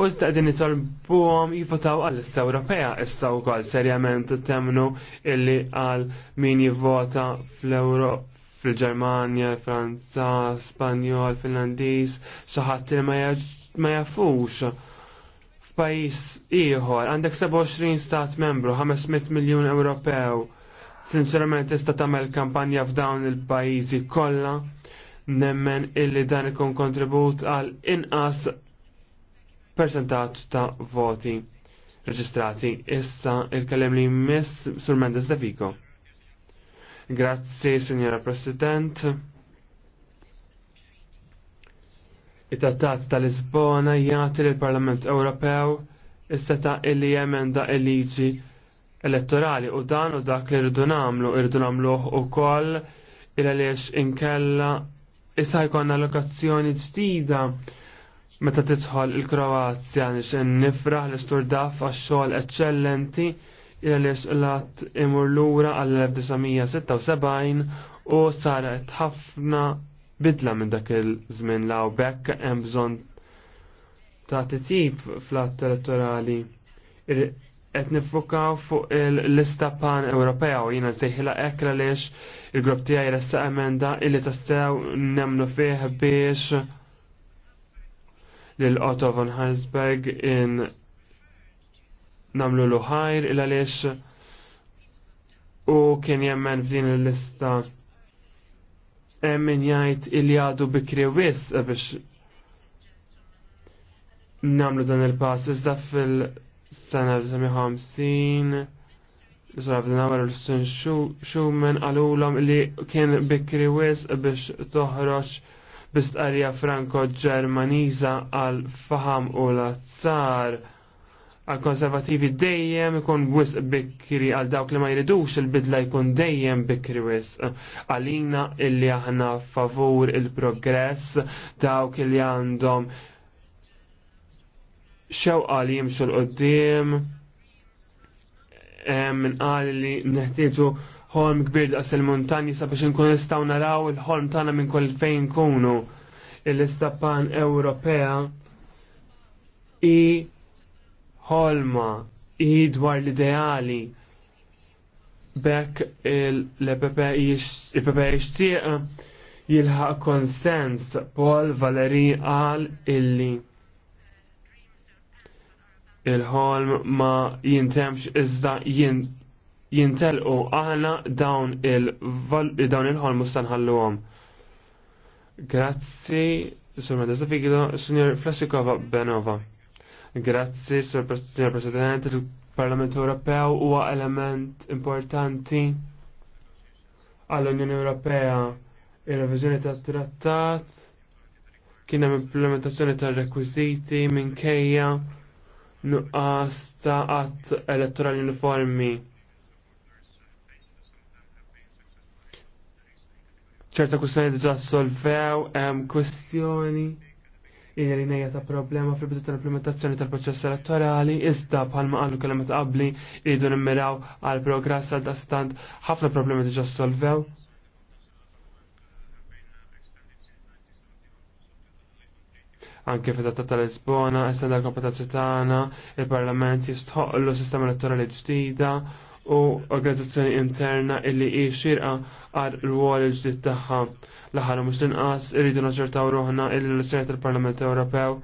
U iżda qegħdin nitolbuhom jivvotaw għall-lista Ewropea issa wkoll serjament temnu illi għal min jivvota fl-Euro fil-Ġermanja, Franza, Spanjol, Finlandiż, xaħat il ma jafux f'pajjiż ieħor għandek 27 stat membru, 500 miljun Ewropew. Sinċerament tista' tagħmel kampanja f'dawn il-pajjiżi kollha, nemmen illi dan ikun kontribut għal inqas percentaġġ ta' voti reġistrati. Issa il-kellem li miss Sur Mendes de Vico. Grazzi, Signora President. it-Trattat tal-Lisbona jagħti lill parlament Ewropew is-seta illi jemenda il-liġi elettorali u dan u dak li rridu nagħmlu rridu nagħmluh ukoll il għaliex inkella issa jkollna allokazzjoni ġdida Meta titħol il-Kroazja nixen nifraħ l isturdaf għax-xogħol eċċellenti il-għaliex l imur lura għall-1976 u saret ħafna bidla minn dak il-żmien law bekk hemm bżonn ta' titjib fl-att elettorali qed nifukaw fuq il-lista pan Ewropea u jiena żdejħilha hekk għaliex il-grupp tiegħi ressa emenda illi tassew nemmnu fih biex lil Otto von Heisberg in namlu luħajr il għaliex u kien jemmen f'din il-lista emmin jajt il jadu bikri wis biex namlu dan il-pass iżda fil-sena 1950 Zaf għamar l-sun Schumann għalulom li kien bikri wis biex toħroċ bistqarja franko Ġermaniża għal faham u l-azzar għal konservativi dejjem ikun wisq bikri għal dawk li ma jridux il-bidla jkun dejjem bikri wisq għalina illi aħna favur il-progress dawk li għandhom xewqa li jimxu l-qoddim eh, minn qal li neħtieġu ħolm kbir daqs il-montanji sabiex nkun nistgħu naraw il-ħolm tagħna minn kull fejn kunu l istappan Ewropea i ħolma i dwar l-ideali bekk il-PPE jixtieq jilħaq konsens Paul Valeri għal illi il-ħolm ma jintemx iżda jintelqu aħna dawn il-ħolmu stanħalluhom. Grazzi, Sur Medesa Figido, Signor Flasikova Benova. Grazzi, Signor President, il-Parlament Ewropew huwa element importanti għall-Unjoni Ewropea ir-reviżjoni tat-trattat kien hemm implementazzjoni tar-rekwiżiti kejja nuqqas ta' għatt elettorali uniformi ċerta kustjoni diġa solvew, hemm kustjoni jina li nejja ta' problema fil-bidu tal-implementazzjoni tal-proċess elettorali, iżda bħalma għallu kelmet qabli jridu nimmiraw għal progress għal stand ħafna problemi diġa solvew. Anke fi ta' tal-Lisbona, estenda l-kompetenzi tagħna, il-Parlament jistħoqlu sistema elettorali ġdida, u organizzazzjoni interna illi i xirqa għal rwol il-ġdid tagħha. L-aħħar mhux tinqas irridu naċċertaw ruħna illi l-elezzjoni tal-Parlament Ewropew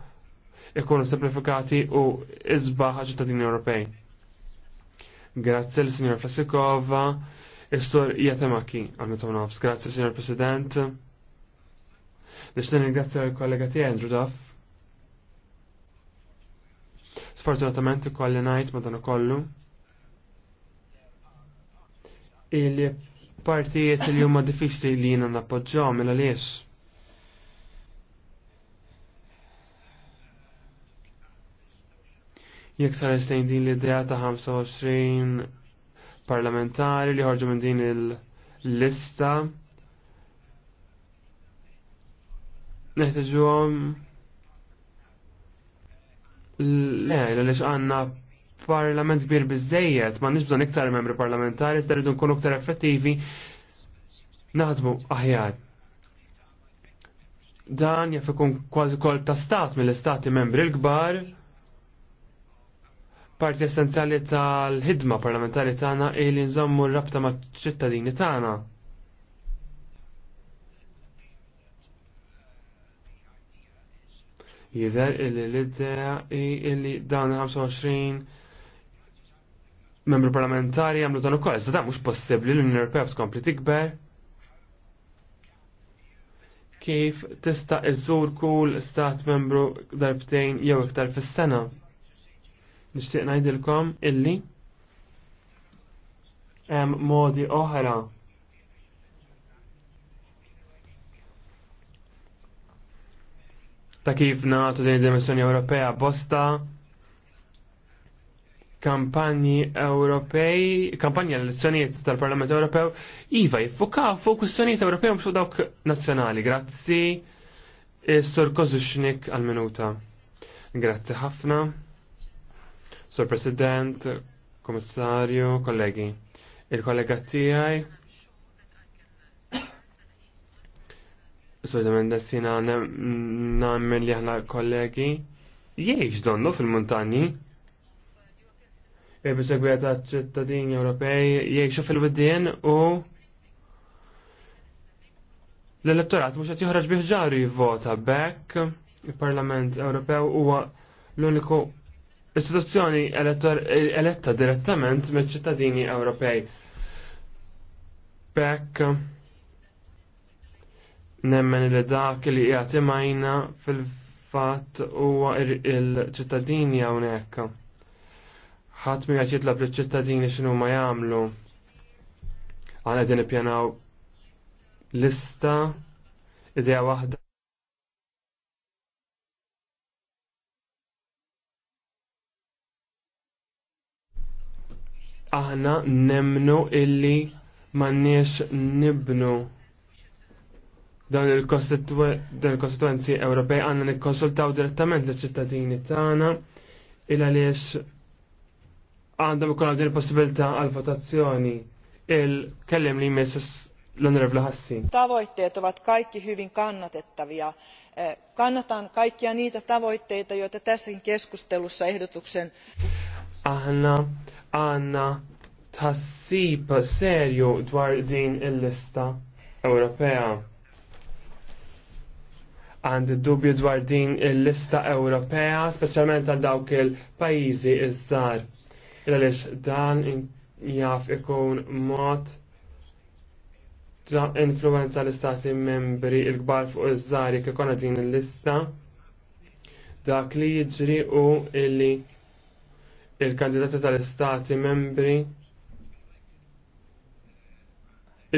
ikunu simplifikati u iżbaħ ċittadini Ewropej. Grazzi l signor Flasikova, Istor Jatemaki, għal-Metonovs. Grazzi, Signor President. Nishtin ringrazzja l-kollega tiegħi Andrew Duff. Sfortunatament kolli ngħid ma kollu il-partijiet li huma diffiċli li jiena nappoġġaw mela għaliex. Jekk saret lejn din l-idea ta' 25 parlamentari li ħarġu minn din il-lista neħtieġuhom le, għaliex għandna parlament bir bizzejiet, ma nix bżon iktar membri parlamentari, rridu nkunu iktar effettivi, naħdmu aħjar. Dan jaf ikun kważi kol ta' stat mill-istati membri l-kbar, parti essenzjali tal-ħidma parlamentari tagħna li nżommu r-rabta ma' ċittadini tagħna. jidher illi l-idea li dan 25 membru parlamentari għamlu dan ukoll, iżda dan mhux possibbli l-Unjoni Ewropea tkompli tikber. Kif tista' iżżur kull stat membru darbtejn jew iktar fis-sena? Nixtieq ngħidilkom illi hemm modi oħra ta' kif nagħtu din id-dimensjoni Ewropea bosta kampanji Ewropej, kampanja l-elezzjonijiet tal-Parlament Ewropew, iva jiffuka fuq kwistjonijiet Ewropew mhux dawk nazzjonali. Grazzi, Sur Kozuxnik għal-minuta. Grazzi ħafna, Sur President, Komissarju, kollegi. Il-kollega tiegħi Sur Demendessina nammen li aħna kollegi jgħix donnu fil-muntanji bisegweta ċittadini Ewropej jiexu fil-widdien u l-elettorat mhux qed joħroġ bih jivvota bekk il-Parlament Ewropew huwa l-uniku istituzzjoni eletta direttament me ċittadini Ewropej. Bekk nemmen li dak li qiegħed imajna fil-fatt huwa il-ċittadini hawnhekk ħadd mi qed jitlab liċ-ċittadini xinu ma jagħmlu. Għana din ippjanaw lista idea waħda. Aħna nemnu illi manniex nibnu Dan il-kostituenzi Ewropej għandna nikkonsultaw direttament l ċittadini tagħna il għaliex għandhom ikun għandhom il-possibilità għal-votazzjoni il-kellem li jmiss l-onorevla Hassin. u ovat kaikki hyvin kannatettavia. Eh, kannatan kaikkia niitä tavoitteita, joita tässäkin keskustelussa ehdotuksen... Aħna, għanna tħassib serju dwar din il-lista Ewropea. Għandi dubju dwar din il-lista Ewropea, speċjalment għal dawk il-pajjiżi iż-żar. il pajjiżi iż żar il żar il-għalix dan jaf ikun mod influenza l-istati membri il-kbar fuq iż-żari kikona din il-lista dak li jiġri u illi il-kandidati tal-istati membri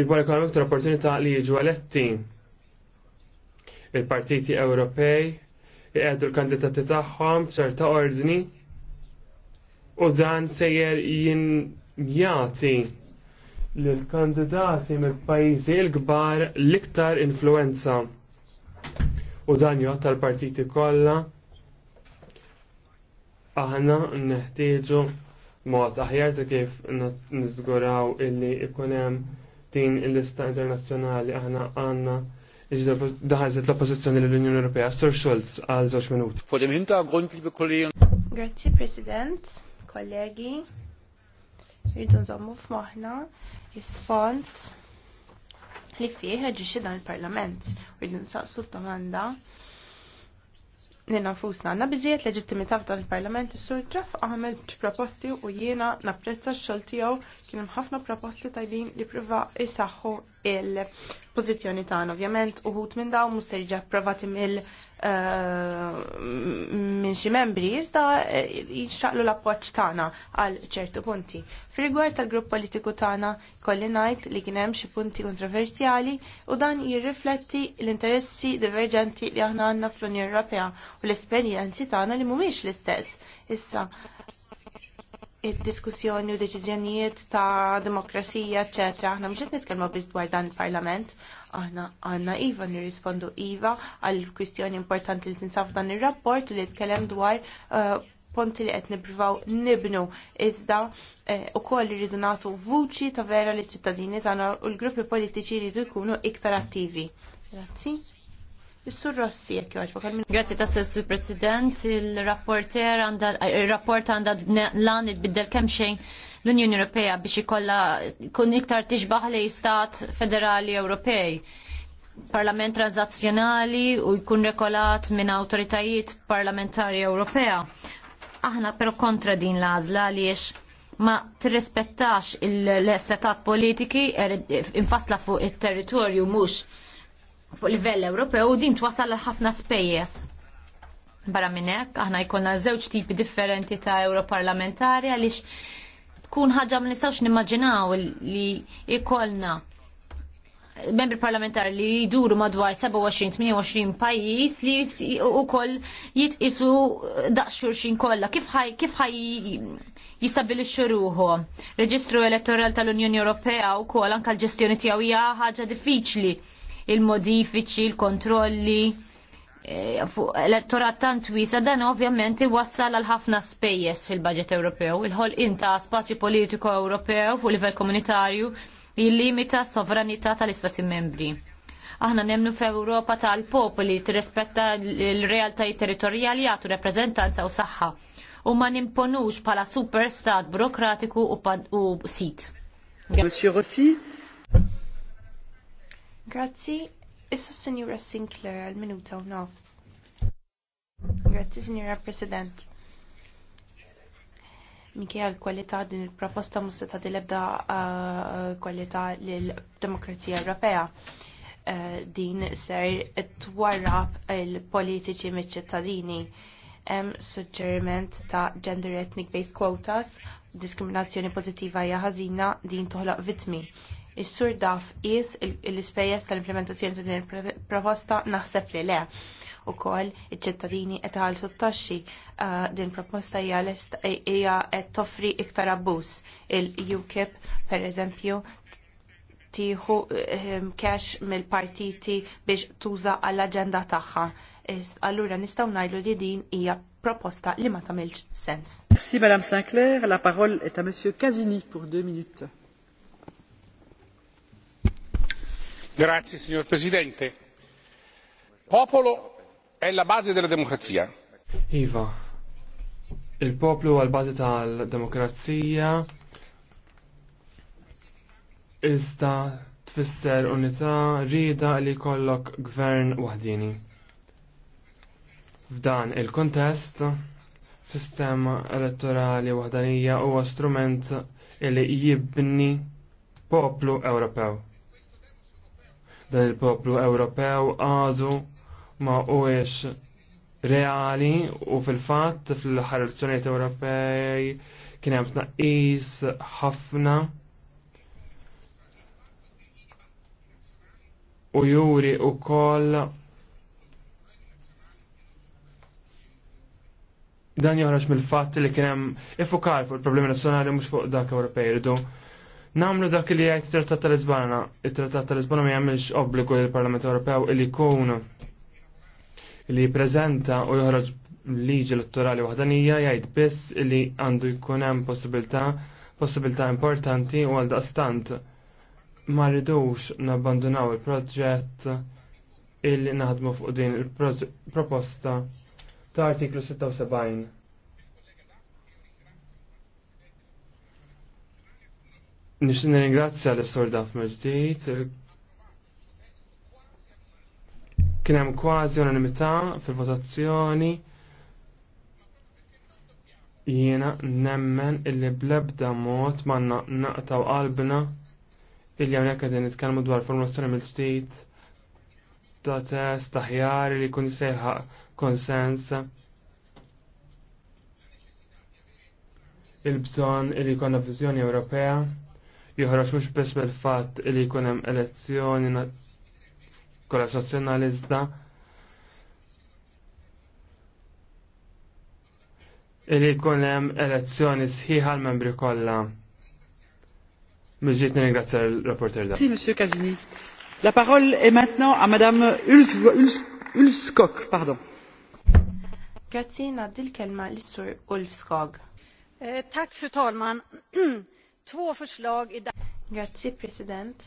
il gbar ikonom iktar opportunità li jiġu eletti il-partiti Ewropej għeddu l-kandidati tagħhom f'ċerta ordni u dan sejjer jati l-kandidati mill pajjiżi l-kbar l-iktar influenza. U dan jgħat tal-partiti kollha aħna neħtieġu mod aħjar ta' kif nizguraw illi ikunem din il-lista internazzjonali aħna għanna daħazet l-oppozizjoni l-Unjoni Ewropea. Sir Schulz għal żewġ minut. Vor Grazie, President kollegi. Rridu nżommu f'moħħna l-ispont li fih ġiexi dan il-parlament. Rridu nsaqsu domanda li nafusna għanna biżiet leġittimità f'dan il-parlament is-sur traf għamel proposti u jiena napprezza x-xogħol tiegħu kien hemm ħafna proposti tajbin li pruva isaħħu il-pozizjoni tagħna ovvjament uħut minn dawn se jiġi approvati mill eh, minn xi membri iżda eh, jinxaqlu l-appoġġ tagħna għal ċertu punti. Fir-rigward tal-grupp politiku tagħna kolli ngħid li kien hemm xi punti kontroversjali u dan jirrifletti l-interessi diverġenti li aħna għandna fl-Unjoni Ewropea u l-esperjenzi tagħna li mhumiex l-istess. Issa, id-diskussjoni u deċiżjonijiet ta' demokrasija, ecc. Aħna mhux qed nitkellmu biss dwar dan il-Parlament, aħna għandna iva nirrispondu iva għal kwistjoni importanti li tinsaf dan ir-rapport li tkellem dwar eh, ponti li qed nippruvaw nibnu iżda eh, koll irridu nagħtu vuċi ta' vera li ċittadini tagħna u l-gruppi politiċi jridu jkunu iktar attivi. Grazzi. Is-sur Rossi, jek joħġbok. Grazie ta' Sur President, il-rapporter il-rapport għanda lan id-biddel kemxejn xejn l-Unjoni Ewropea biex ikolla kun iktar tixbaħ li stat federali Ewropej parlament transazzjonali u jkun rekolat minn autoritajiet parlamentari Ewropea. Aħna però kontra din l-għażla għaliex ma tirrispettax l setat politiki er- infasla fuq it territorju mhux fuq livell Ewropew din twasal għal ħafna spejjeż. Barra minn hekk aħna jkollna żewġ tipi differenti ta' Europarlamentari għaliex tkun ħaġa ma nistgħux nimmaġinaw li jkollna membri parlamentari li jduru madwar 27-28 pajjiż li wkoll jitqisu daqs xulxin kollha kif ħaj kif ħaj jistabilixxu ruħu. Reġistru elettoral tal-Unjoni Ewropea wkoll anke l-ġestjoni tiegħu hija ħaġa diffiċli il-modifiċi, il-kontrolli eh, fuq elettorat tant wiesa dan ovvjament iwassal għal ħafna spejjeż fil-budget Ewropew. Il-ħolqien ta' spazju politiku Ewropew fuq livell komunitarju jillimita s-sovranità tal-Istati membri. Aħna nemnu f'Ewropa tal-popoli tirrispetta l-realtajiet territorjali għatu rappreżentanza u saħħa u ma nimponux bħala superstat burokratiku u, u sit. Monsieur Rossi, Grazzi, issa Signora Sinclair għal minuta u nofs. Grazzi, Signora President. Minkejja l-kwalità din il-proposta musta ta' dil-ebda eh, kwalità l-demokrazija Ewropea. Eh, din ser twarrab il-politiċi mit-ċittadini hemm suġġeriment ta' gender ethnic based quotas, diskriminazzjoni pożittiva hija ħażina din toħloq vittmi. Is-sur daf is l-ispejjeż tal-implementazzjoni ta' din il-proposta naħseb li le. Ukoll iċ-ċittadini qed ħalsu t-taxxi uh, din proposta hija qed toffri iktar abbuż. Il-UKIP pereżempju tieħu ehm, cash mill-partiti biex tuża għall-aġenda tagħha. Allura nistgħu ngħidu li din hija proposta li ma tagħmilx sens. Merci Madame Sinclair, la parole est à Monsieur Casini pour deux minutes. Grazie signor Presidente. Popolo è la base della democrazia. Iva, il-poplu għal bażi tal-demokrazija iżda tfisser unità rida li jkollok gvern waħdini. F'dan il-kontest, sistema elettorali waħdanija u strument li jibni poplu Ewropew del poplu Ewropew għadu ma huwiex reali u fil-fatt fl-aħħar elezzjonijiet Ewropej kien hemm tnaqqis ħafna u juri u koll dan joħroġ mill-fatt li kien hemm ifukar fuq il-problemi nazzjonali mhux fuq dak Ewropej irdu namlu dak li għajt it-Trattat tal-Lisbona. It-Trattat tal-Lisbona ma jagħmilx obbligu lill parlament Ewropew li jkun li jippreżenta u joħroġ liġi elettorali waħdanija jgħid biss li għandu jkun hemm possibilità possibilità importanti u għal daqstant ma rridux nabbandunaw il-proġett illi naħdmu fuq din il-proposta ta' artiklu 76. Nixtin ringrazzja l-istor daf meġdijt. Kien hemm kważi unanimità fil-votazzjoni jiena nemmen illi blebda mod ma naqtaw qalbna illi hawnhekk qegħdin nitkellmu dwar formulazzjoni mill ġdijt ta' test ta' ħjar li jkun sejħa konsens. Il-bżonn illi jkollna viżjoni Ewropea joħroġ mhux bes mill-fatt li jkun hemm elezzjoni kollax nazzjonali li jkun hemm elezzjoni sħiħa l-membri kollha. Miġiet nirringrazzja l-rapporter da. Si, Monsieur Casini. La parole est maintenant à Madame Ulfskog, pardon. Grazie, Nadil kelma l-sur Ulfskog. Eh, tak, fru talman. Två slog i Grazzi President.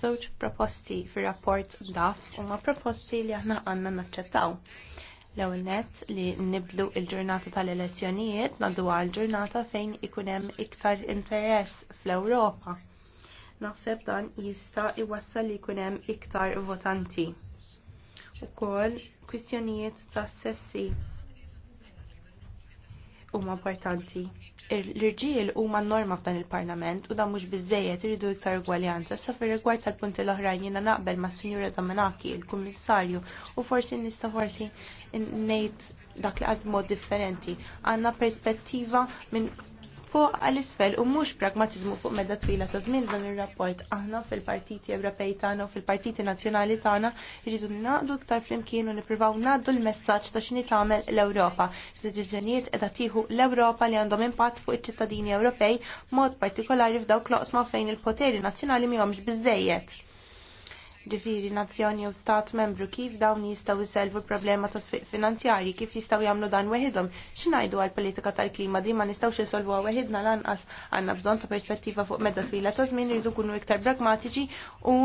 Żewġ proposti fir-rapport DAF huma proposti li aħna għandna naċċettaw l-ewwel nett li nibdlu l ġurnata tal-elezzjonijiet nadu għal ġurnata fejn ikun hemm iktar interess fl-Ewropa. Naħseb dan jista' iwassal li jkun hemm iktar votanti. Ukoll kwistjonijiet tas sessi huma importanti l-irġiel huma norma f'dan il-Parlament u dan mhux biżżejjed iridu iktar gwaljanza. sa fir rigward tal-punti l-oħrajn jiena naqbel mas-Sinjura Damanaki, il-Kummissarju, u forsi nista' forsi ngħid dak li qatt mod differenti. Għandna perspettiva minn fuq għal-isfel u mhux pragmatiżmu fuq medda twila ta' żmien dan ir-rapport. Aħna fil-partiti Ewropej tagħna u fil-partiti nazzjonali tagħna jridu naqdu iktar flimkien u nippruvaw ngħaddu l-messaġġ ta' x'inhi tagħmel l-Ewropa. X'deċiżjonijiet qiegħda tieħu l-Ewropa li għandhom impatt fuq iċ-ċittadini Ewropej mod partikolari f'dawk l-oqsma fejn il-poteri nazzjonali mihomx biżejjed ġifiri nazzjoni u stat membru kif dawn jistgħu jselvu problema ta' sfiq finanzjari, kif jistgħu jagħmlu dan weħidhom, xinajdu għall politika tal-klima di ma xisolvu għal weħidna lanqas għandna bżonn ta' perspettiva fuq medda twila ta' żmien iridu kunu iktar pragmatiċi u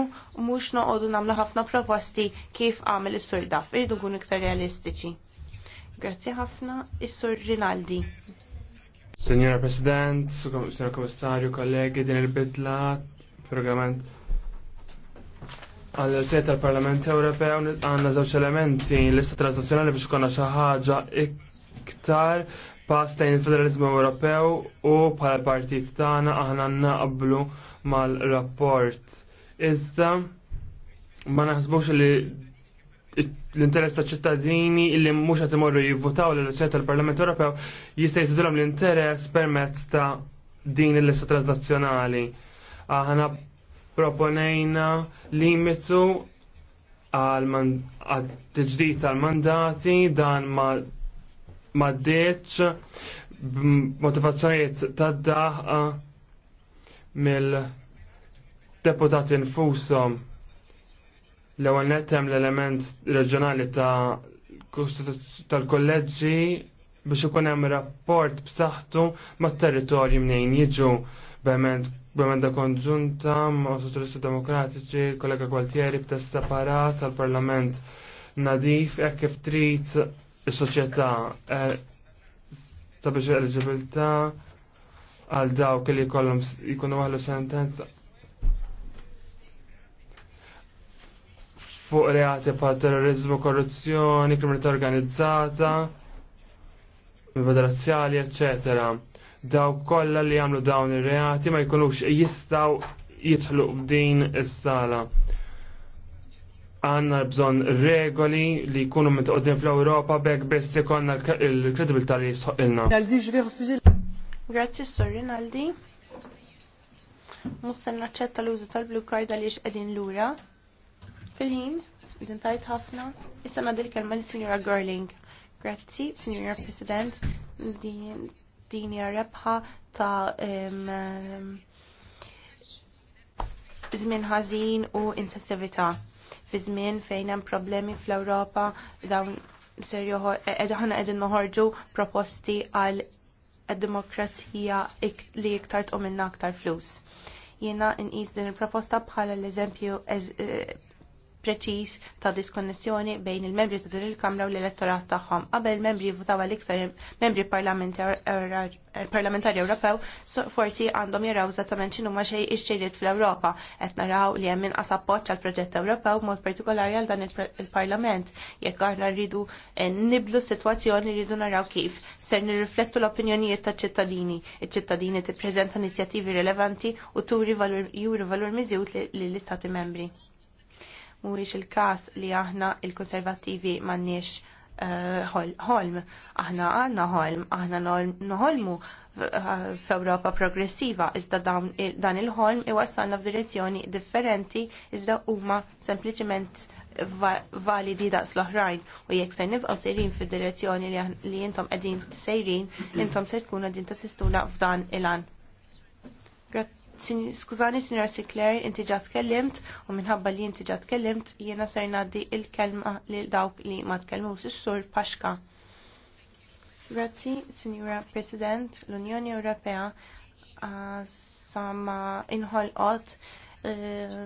mhux noqogħdu nagħmlu ħafna proposti kif għamel is-sur daf, iridu kunu iktar realistiċi. Grazzi ħafna, is-sur Rinaldi. Signora President, Signor Commissario, kollegi, din il-bidla, programment Għal ġejt tal-Parlament Ewropew għanna żewġ elementi l-lista transnazzjonali biex konna xi ħaġa iktar pass il-Federalizmu Ewropew u bħala partit tagħna aħna naqblu mal-rapport. Iżda ma naħsbux li l-interess ta' ċittadini illi mhux qed imorru jivvotaw l-elezzjoni tal-Parlament Ewropew jista' jżidulhom l-interess permezz ta' din il-lista transnazzjonali. Aħna proponejna limitu għal t-ġdijt tal-mandati dan ma deċ motivazzjoniet ta' daħqa mill-deputati nfusom l-ewwel nettem l-element reġjonali tal-kolleġġi biex ikun hemm rapport b'saħħtu mat-territorju minn jiġu bement B'emenda konġunta ma' Soċjalisti Demokratiċi, kollega Gualtieri b'test separat tal-Parlament nadif hekk kif trid is-soċjetà e sabiex eligibilta għal dawk li jkollhom jikunu waħlu sentenza fuq reati pa' terrorizmu, korruzzjoni, kriminalità organizzata, bada razzjali, eccetera daw kollha li għamlu dawn ir-reati ma jkunux jistgħu jitħlu b'din is-sala. Għanna bżon regoli li jkunu mitqoddin fl-Ewropa bekk biss ikonna l-kredibilità li jisħoqilna. Grazzi s-sor Rinaldi. Mussa naċċetta l-użu tal-blu karda li xqegħdin lura. Fil-ħin, idin tajt ħafna, issa nadil kelma li Signora Gorling. Grazzi, Signora President, din hija rebħa ta' żmien ħażin u insensività. Fi żmien fejn hemm problemi fl-Ewropa dawn ser ħana e, e, qegħdin noħorġu proposti għal demokrazija li iktar tqum minna aktar flus. Jiena nqis din il-proposta bħala l-eżempju e, preċiż ta' diskonnessjoni bejn il-membri ta' din il-Kamra u l-elettorat tagħhom. Qabel membri votaw għal iktar membri parlamentari Ewropew, forsi għandhom jaraw eżattament x'inhu ma xejn ix fl-Ewropa qed naraw li hemm inqas appoġġ għal proġett Ewropew mod partikolari għal dan il-Parlament. Jekk aħna rridu eh, niblu sitwazzjoni rridu naraw kif ser nirriflettu l-opinjonijiet taċ-ċittadini. Iċ-ċittadini tippreżenta inizjattivi rilevanti u turi juri valur miżjut lill-Istati membri mhuwiex il-każ li aħna il-konservattivi m'għandniex eh, ħolm. Aħna għandna ħolm, aħna noħolmu eh, f'Ewropa progressiva, iżda dan il-ħolm iwassalna f'direzzjoni differenti iżda huma sempliċement validi daqs l-oħrajn u jekk se nibqgħu sejrin fid-direzzjoni li intom qegħdin sejrin, intom se tkunu qegħdin tassistuna f'dan il-an. Skużani, Sinjora Sikler, inti ġat tkellimt u minħabba li inti ġat tkellimt jiena ser ngħaddi il-kelma lil dawk li ma tkellmu s sur Paxka. Grazzi, Sinjora President, l-Unjoni Ewropea ah, sama inħolqot eh,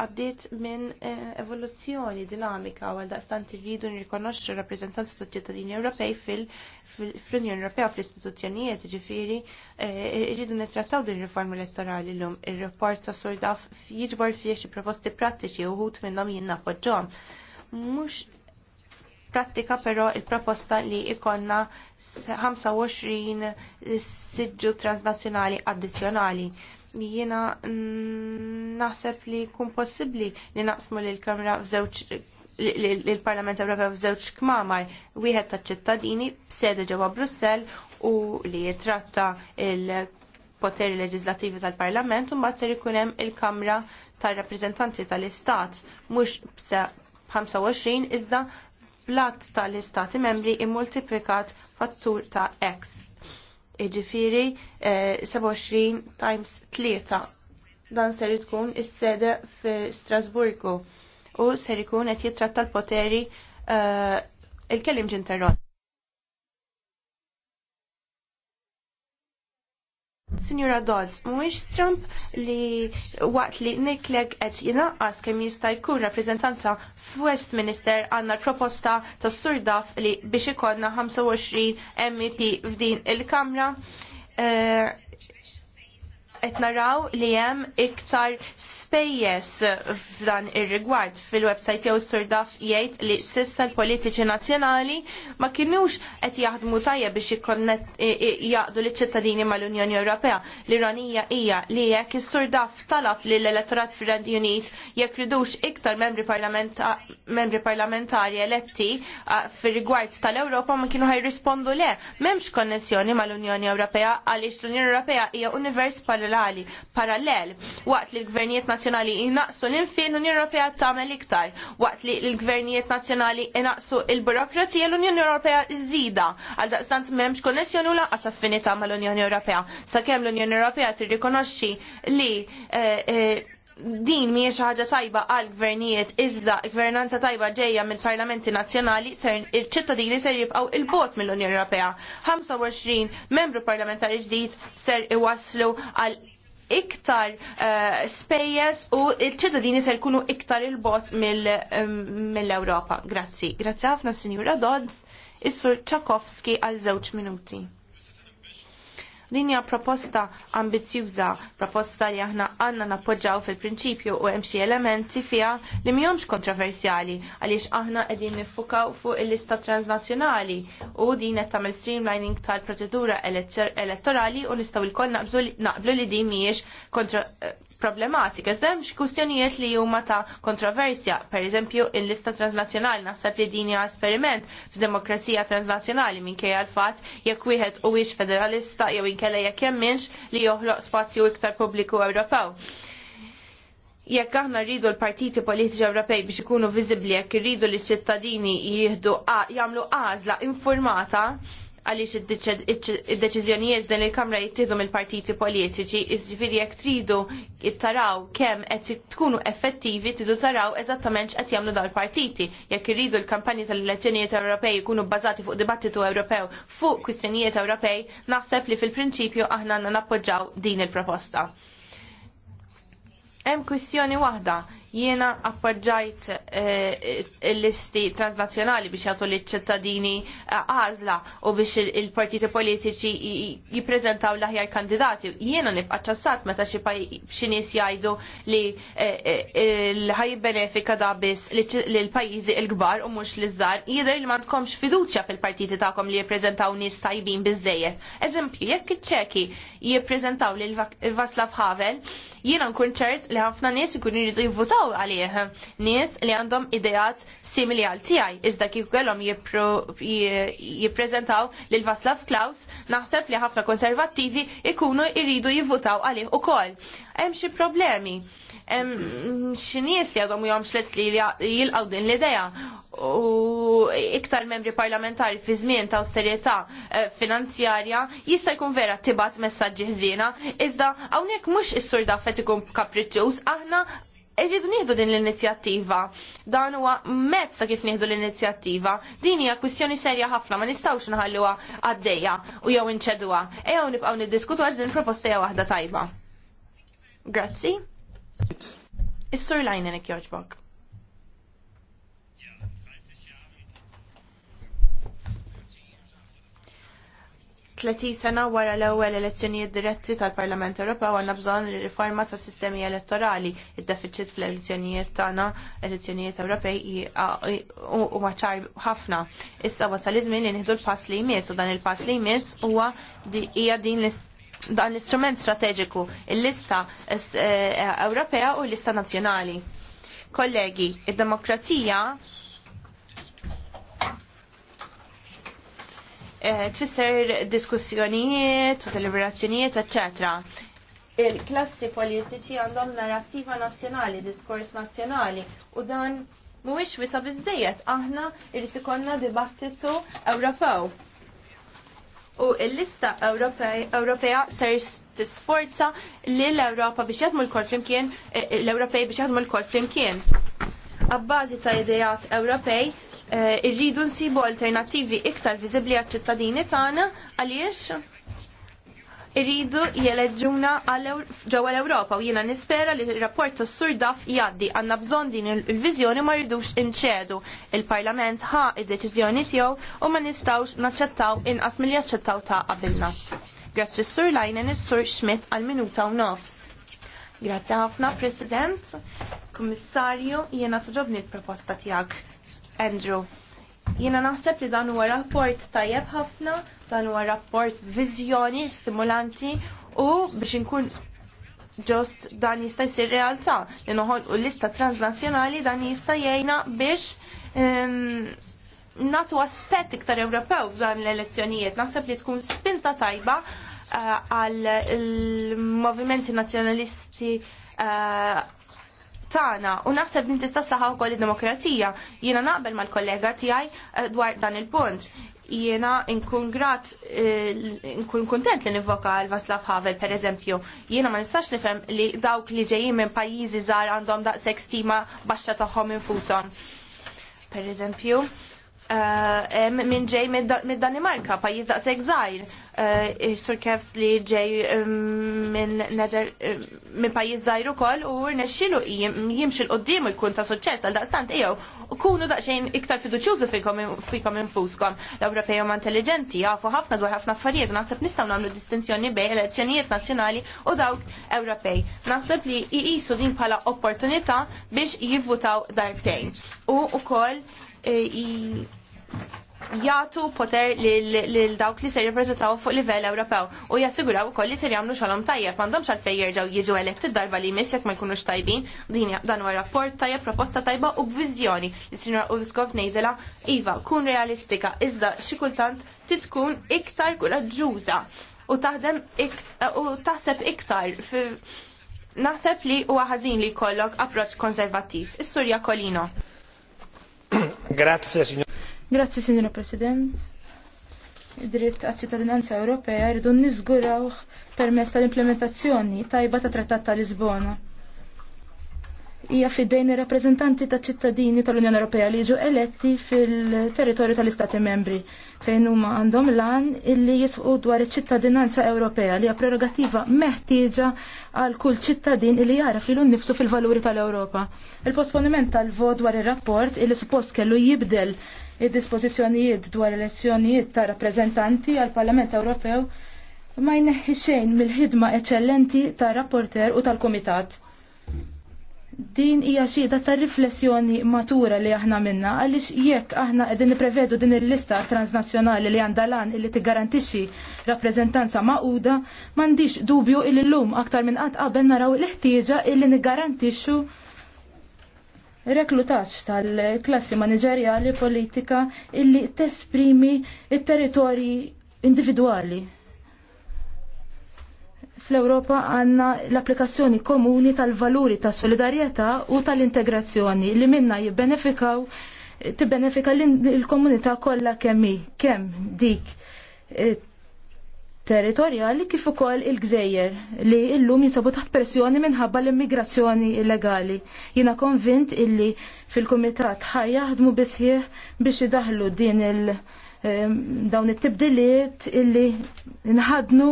għaddiet minn eh, evoluzzjoni dinamika għal daqstant irridu nirrikonoxxu rappreżentanza ta' ċittadini Ewropej fl-Unjoni Ewropea fl-istituzzjonijiet, ġifiri eh, irridu nittrattaw din riforma elettorali llum. Ir-rapport ta' Sordaf jiġbor fih xi proposti prattiċi u uħud minnhom jien nappoġġhom. Mhux prattika però il-proposta li ikonna 25 siġġu transnazzjonali addizzjonali jiena naħseb li jkun possibbli li naqsmu lill kamra f'żewġ l-Parlament Ewropew f'żewġ kmamar wieħed taċ-ċittadini b'sede ġewwa Brussell u li jitratta l poteri leġislattivi tal-Parlament u mbagħad ser ikun hemm il-Kamra tar-Rappreżentanti tal-Istat mhux 25 iżda blatt tal-Istati membri immultiplikat fattur ta' X. Iġifiri 27 eh, times 3. Dan ser tkun is-sede fi Strasburgu u seri ikun qed jitratta l-poteri eh, il-kelim ġinterrot. Signora Dodds, mhuwiex Trump li waqt li Nick Clegg qed jinaqqas kemm jista' jkun rappreżentanza f'Westminster għandna proposta ta' Surdaf li biex ikollna 25 MEP f'din il-Kamra. Eh, qed naraw li hemm iktar spejjeż f'dan ir-rigward fil-website jew surdaf jgħid li s'issa l-politiċi nazzjonali ma kinux qed jaħdmu tajjeb biex jaqdu liċ-ċittadini mal-Unjoni Ewropea. L-ironija hija li jekk is-surdaf talab li l-elettorat fir-Renju Unit jekk ridux iktar membri, parlamenta membri parlamentari eletti fir-rigward tal-Ewropa ma kienu ħajrispondu le. M'hemmx konnessjoni mal-Unjoni Ewropea għaliex l-Unjoni Ewropea hija univers pal paralleli parallel waqt li l-gvernijiet nazzjonali jinaqsu l-infin l-Unjoni Ewropea tagħmel iktar waqt li l-gvernijiet nazzjonali jinaqsu l burokrazija l-Unjoni Ewropea żida għal daqstant m'hemmx konnessjoni u lanqas affinità mal-Unjoni Ewropea sakemm l-Unjoni Ewropea tirrikonoxxi li eh, eh, din mhijiex ħaġa tajba għal gvernijiet iżda gvernanza tajba ġejja mill-parlamenti nazzjonali ser il-ċittadini ser jibqgħu il-bot mill-Unjoni Ewropea. 25 membru parlamentari ġdid ser iwaslu għal iktar uh, spejjeż u il-ċittadini ser jkunu iktar il-bot mill-Ewropa. mill Grazzi. Grazzi ħafna, Sinjura Dodds. Is-Sur Tchaikovsky għal żewġ minuti. Din hija proposta ambizjuża, proposta li aħna għandna nappoġġaw fil-prinċipju u hemm xi elementi fiha li mhijomx kontroversjali għaliex aħna qegħdin niffukaw fuq il-lista transnazzjonali u din qed tagħmel streamlining tal-proċedura elettorali u nistgħu lkoll naqblu li din mhijiex kontra problematika. Iżda hemm kwistjonijiet li huma ta' kontroversja, pereżempju il-lista transnazjonali naħseb li din hija esperiment f'demokrazija transnazzjonali minkejja l-fatt jekk wieħed huwiex federalista jew inkella jekk jemminx li joħloq spazju iktar pubbliku Ewropew. Jekk aħna rridu l-partiti politiċi Ewropej biex ikunu viżibbli jekk irridu li ċittadini jieħdu jagħmlu għażla informata, għaliex id-deċiżjonijiet dan il-Kamra jittieħdu mill-partiti politiċi, iġifiri jekk tridu jittaraw kemm qed tkunu effettivi tridu taraw eżattament x'qed jagħmlu dal-partiti. Jekk irridu l-kampanji tal-elezzjonijiet Ewropej jkunu bbażati fuq dibattitu Ewropew fuq kwistjonijiet Ewropej, naħseb li fil-prinċipju aħna nappoġġaw din il-proposta. Hemm kwistjoni waħda Jiena appoġġajt eh, il-listi transnazzjonali biex jagħtu liċ ċittadini eh, għażla u biex il-partiti politiċi jippreżentaw l-aħjar kandidati. Jiena nibqa' ċassat meta xi nies jgħidu li eh, l-ħaj benefika da biss lill-pajjiżi l-kbar u mhux l-żgħar. Jidher li m'għandkomx fiduċja fil-partiti tagħkom li jiprezentaw nies tajbin biżejjed. Eżempju, jekk iċċeki jippreżentaw lil Vaslav Havel, jiena nkun ċert li ħafna nies ikunu jridu jivvutaw jappoġġaw għalih nies li għandhom ideat simili għal tiegħi. Iżda kif kellhom jippreżentaw lil Vaslav Klaus, naħseb li ħafna konservattivi ikunu jridu jivvutaw għalih ukoll. Hemm xi problemi. Hemm xi nies li għadhom jom xlet li jilqgħu din l-idea u iktar membri parlamentari fi żmien ta' austerità eh, finanzjarja jista' jkun vera tibat messaġġi ħżiena iżda hawnhekk mhux is-sur daffet ikun kapriċċjuż aħna irridu nieħdu din l-inizjattiva. Dan huwa mezz ta' kif nieħdu l-inizjattiva. Din hija kwistjoni serja ħafna ma nistgħux nħalluha għaddejja u jew inċeduha. Ejjew nibqgħu niddiskutu għax din proposta hija waħda tajba. Grazzi. Is-sur lajnen jogħġbok. 30 sena wara l-ewwel elezzjonijiet diretti tal-Parlament Ewropew għandna bżonn riforma tas sistemi elettorali. Id-deficit fl-elezzjonijiet tagħna, elezzjonijiet Ewropej huma ċar ħafna. Issa wasal iż-żmien li nieħdu l-pass li jmiss u dan il-pass li jmiss huwa hija din dan l-istrument strateġiku, il-lista e- Ewropea u l-lista nazzjonali. Kollegi, id-demokrazija Eh, tfisser diskussjonijiet, deliberazzjonijiet, etc. Il-klassi politiċi għandhom narrattiva nazzjonali, diskors nazzjonali u dan mhuwiex wisa biżejjed aħna irid ikollna dibattitu Ewropew. U l-lista Ewropea ser tisforza li l-Ewropa biex jaħdmu l-kol flimkien, eh, l-Ewropej biex jaħdmu l-kol flimkien. Abbażi ta' idejat Ewropej Eh, irridu nsibu alternattivi iktar viżibbli għaċ-ċittadini tagħna għaliex irridu jeleġġuna ġewwa l-Ewropa u jiena nispera li r-rapport tas-Sur Daf jgħaddi għandna bżonn din il-viżjoni ma rridux inċedu. Il-Parlament ħa id-deċiżjoni tiegħu u ma nistgħux naċċettaw inqas milli jaċċettaw ta' qabilna. Grazzi s-Sur Lajnen is-Sur Schmidt għal-minuta u nofs. Grazzi ħafna, President, Kummissarju, jiena tuġobni l-proposta tiegħek Andrew. Jiena naħseb li dan huwa rapport tajjeb ħafna, dan huwa rapport viżjoni stimulanti u biex inkun ġost dan jista' jsir realtà li u lista transnazzjonali dan jista' jgħinna biex natu aspett iktar Ewropew f'dan l-elezzjonijiet. Naħseb li tkun spinta tajba eh, għal il movimenti nazjonalisti eh, Tana, u naħseb din tista' saħħa wkoll id-demokrazija. Jiena naqbel mal-kollega tiegħi eh, dwar dan il-punt. Jiena nkun grat eh, nkun kuntent li nivvoka l Vaslav Havel pereżempju. Jiena ma nistax nifhem li dawk li ġejjin minn pajjiżi żgħar għandhom daqshekk stima baxxa tagħhom infushom. Pereżempju, Eh, minn ġej minn Danimarka, pajjiż daqshekk żgħir. Eh, Sur Kevs li ġej minn pajjiż żgħir ukoll u rnexxielu jimxi l-qoddim jkun ta' suċċess għal daqstant ejjew kunu daqsxejn iktar fiduċjużi fikom infuskom. L-Ewropej huma intelligenti jafu ħafna dwar ħafna affarijiet u naħseb nistgħu nagħmlu distinzjoni bejn elezzjonijiet nazzjonali u dawk Ewropej. Naħseb li jqisu din bħala opportunità biex jivvutaw dartejn. U wkoll. Eh, jgħatu poter lil dawk li ser jirrepreżentaw fuq livell Ewropew u jassiguraw ukoll li ser jagħmlu xalhom tajjeb m'għandhomx għalfejn jerġgħu jiġu eletti darba li jmiss jekk ma jkunux tajbin. Din dan huwa rapport tajjeb proposta tajba u b'viżjoni li Sinjor Uviskov ngħidilha iva kun realistika iżda xi kultant tkun iktar kuraġġuża u taħdem u taħseb iktar Naħseb li huwa ħażin li jkollok approċċ konservattiv. Is-Surja Kolino. Grazie, signor. Grazzi, Signora President. Id-dritt għal-ċittadinanza Ewropea rridu niżguraw permezz tal-implementazzjoni tajba ta' Trattat ta' Lisbona. Hija fidejn ir-rappreżentanti ta' ċittadini tal-Unjoni Ewropea li jiġu eletti fil-territorju tal-Istati membri fejn huma għandhom lan illi jisqu dwar iċ-ċittadinanza Ewropea li hija prerogativa meħtieġa għal kull ċittadin illi jara lilu nnifsu fil-valuri tal-Ewropa. Il-posponiment tal-vot dwar ir-rapport illi suppost kellu jibdel id dispozizjonijiet dwar elezzjonijiet ta' rappreżentanti għal Parlament Ewropew ma jneħħi xejn mill-ħidma eċċellenti ta' rapporter u tal-Kumitat. Din hija xhieda ta' riflessjoni matura li aħna minna għaliex jekk aħna qegħdin niprevedu din il-lista transnazzjonali li għandha lan illi tigarantixxi rappreżentanza maquda, m'għandix dubju il lum aktar minn qatt qabel naraw l-ħtieġa illi niggarantixxu reklutaċ tal-klassi manageriali politika illi tesprimi il-territori individuali. Fl-Europa għanna l-applikazzjoni komuni tal-valuri ta' solidarieta u tal-integrazzjoni li minna jibbenefikaw tibbenefika l-komunità kollha kemmi kemm dik eh, territorjali kif ukoll il-gżejjer li llum jinsabu taħt pressjoni minħabba l-immigrazzjoni illegali. Jiena konvint illi fil-kumitat ħajjaħdmu bisħieħ biex idaħlu din il- dawn it-tibdiliet illi nħadnu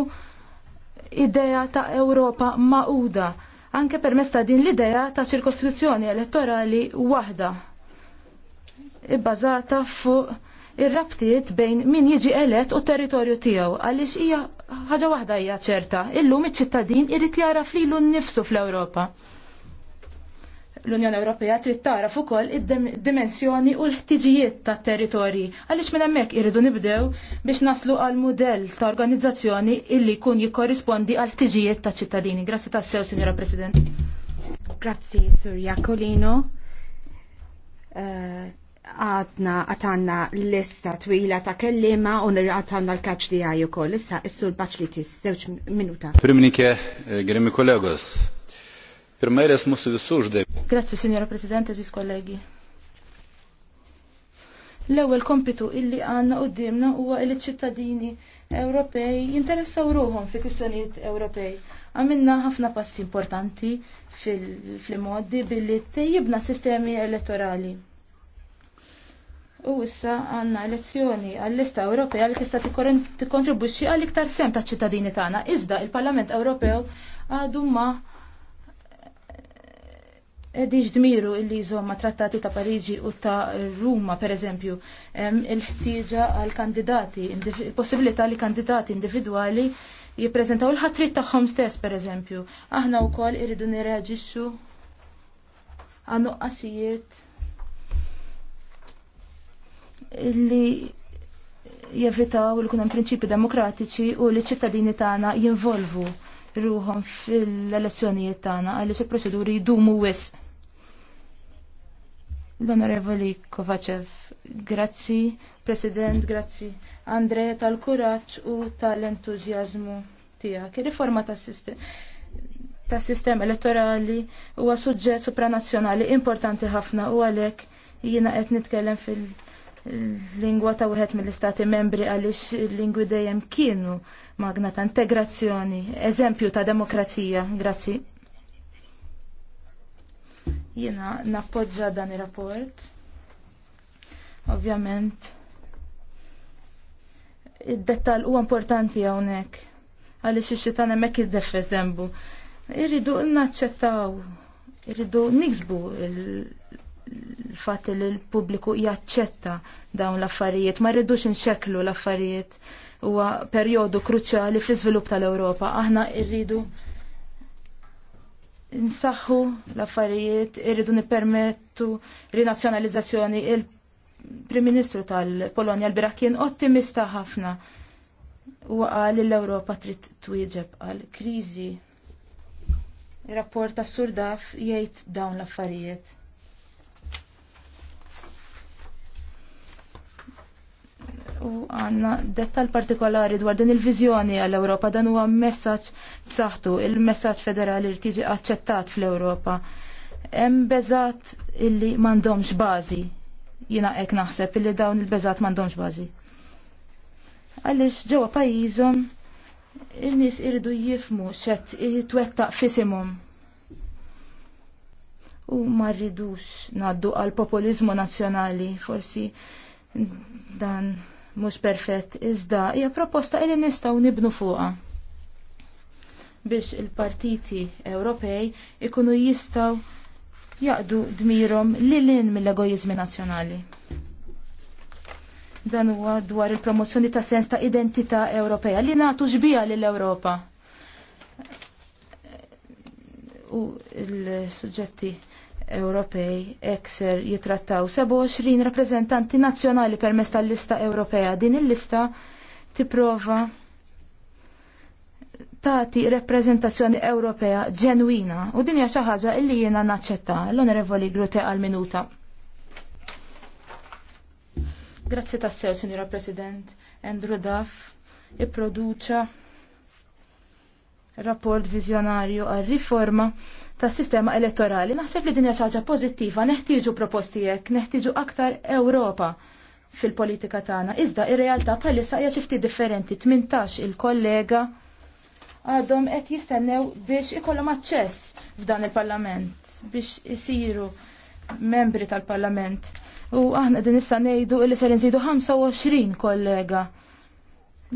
idea ta' Ewropa maquda anke permess ta' din l-idea ta' ċirkostruzzjoni elettorali waħda ibbażata fuq ir-rabtiet bejn min jiġi elett u territorju tiegħu għaliex hija ħaġa waħda hija ċerta, illum iċ-ċittadin irid jara flilu nnifsu fl-Ewropa. L-Unjoni Ewropea trid tara ukoll id-dimensjoni u l-ħtiġijiet tat-territorji għaliex minn hemmhekk iridu nibdew biex naslu għal mudell ta' organizzazzjoni illi jkun jikkorrispondi għal ħtiġijiet taċ-ċittadini. Grazzi tassew, Sinjora President. Grazzi, Sur Jakolino. Uh eh, għadna għatanna lista twila ta' kellima u għatanna l-kaċ di għaj u koll. Issa, issu l-baċ li tis, sewċ minuta. Primnike, eh, gremi kollegos. Primajres musu vissuġ dej. Grazie, signora Presidente, Zis kollegi. L-ewel kompitu illi għanna u dimna huwa għalli ċittadini Ewropej jinteressaw ruħom fi kustonijiet Ewropej. Għamilna ħafna passi importanti fil-modi billi tejjibna sistemi elettorali U issa għanna elezzjoni għall-lista Ewropea li tista' tikkontribwixxi għal iktar sem taċ ċittadini tagħna. Iżda il-Parlament Ewropew għadu ma Edix dmiru illi ma' trattati ta' Pariġi u ta' Ruma, per eżempju, il-ħtieġa għal kandidati, il-possibilità li kandidati individwali jippreżentaw il-ħatrit tagħhom stess, per eżempju. Aħna wkoll irridu nirreġixxu għannu qasijiet li jevitaw li kunem prinċipi demokratiċi u li ċittadini tagħna jinvolvu ruhom fil-elezzjonijiet tagħna għaliex il-proċeduri jdumu wis. L-Onorevoli Kovacev, grazzi, President, grazzi, Andre, tal-kuraġġ u tal-entużjażmu tiegħek. Ir-riforma tas-sistema ta' sistema elettorali huwa suġġett supranazzjonali importanti ħafna u għalhekk jiena qed nitkellem fil- lingwa ta' wieħed mill-istati membri għaliex il-lingwi dejjem kienu magna ta' integrazzjoni, eżempju ta' demokrazija. Grazzi. Jiena nappoġġa dan ir-rapport. Ovvjament. Id-dettal huwa importanti hawnhekk għaliex ix-xitan hemmhekk iddeffes dembu. Irridu naċċettaw, irridu niksbu l-fatt li l-pubbliku jaċċetta dawn l-affarijiet, ma rridux inxeklu l-affarijiet huwa perjodu kruċjali fl-iżvilupp tal-Ewropa. Aħna rridu nsaħħu l-affarijiet, irridu nippermettu rinazzjonalizzazzjoni. Il-Prim Ministru tal-Polonja l-bira kien ottimista ħafna u qal l-Ewropa trid twieġeb għal kriżi. Ir-rapport tas-surdaf jgħid dawn l-affarijiet. u għanna dettal partikolari dwar din il-vizjoni għall-Ewropa dan huwa messaġġ b'saħħtu, il-messaġġ federali li tiġi aċċettat fl-Ewropa. Hemm beżat illi m'għandhomx bażi. Jiena hekk naħseb illi dawn il-beżat m'għandhomx bażi. Għaliex ġewwa pajjiżhom in-nies iridu jifmu x'qed jitwettaq fisimhom. U ma rridux ngħaddu għal populiżmu nazzjonali forsi dan mhux perfett iżda hija proposta li nistgħu nibnu fuqha biex il-partiti Ewropej ikunu jistgħu jaqdu dmirhom lilin mill-egoizmi nazzjonali. Dan huwa dwar il-promozzjoni ta' sens ta' identità Ewropea li nagħtu xbija lill-Ewropa. U l-suġġetti Ewropej ekser jitrattaw 27 rappreżentanti nazzjonali permezz tal-lista Ewropea. Din il-lista tipprova tagħti rappreżentazzjoni Ewropea ġenwina u din hija xi ħaġa li jiena naċċetta l-Onorevoli Grute għal minuta. Grazzi tassew, Sinjora President. Andrew Duff ipproduċa rapport vizjonarju għal riforma tas-sistema elettorali. Naħseb li din hija xi ħaġa pożittiva, neħtieġu proposti hekk, neħtieġu aktar Ewropa fil-politika tagħna. Iżda ir-realtà bħalissa hija xi ftit differenti. Tmintax il-kollega għadhom qed jistennew biex ikollhom aċċess f'dan il-Parlament biex isiru membri tal-Parlament. U aħna din issa ngħidu li ser nżidu 25 kollega.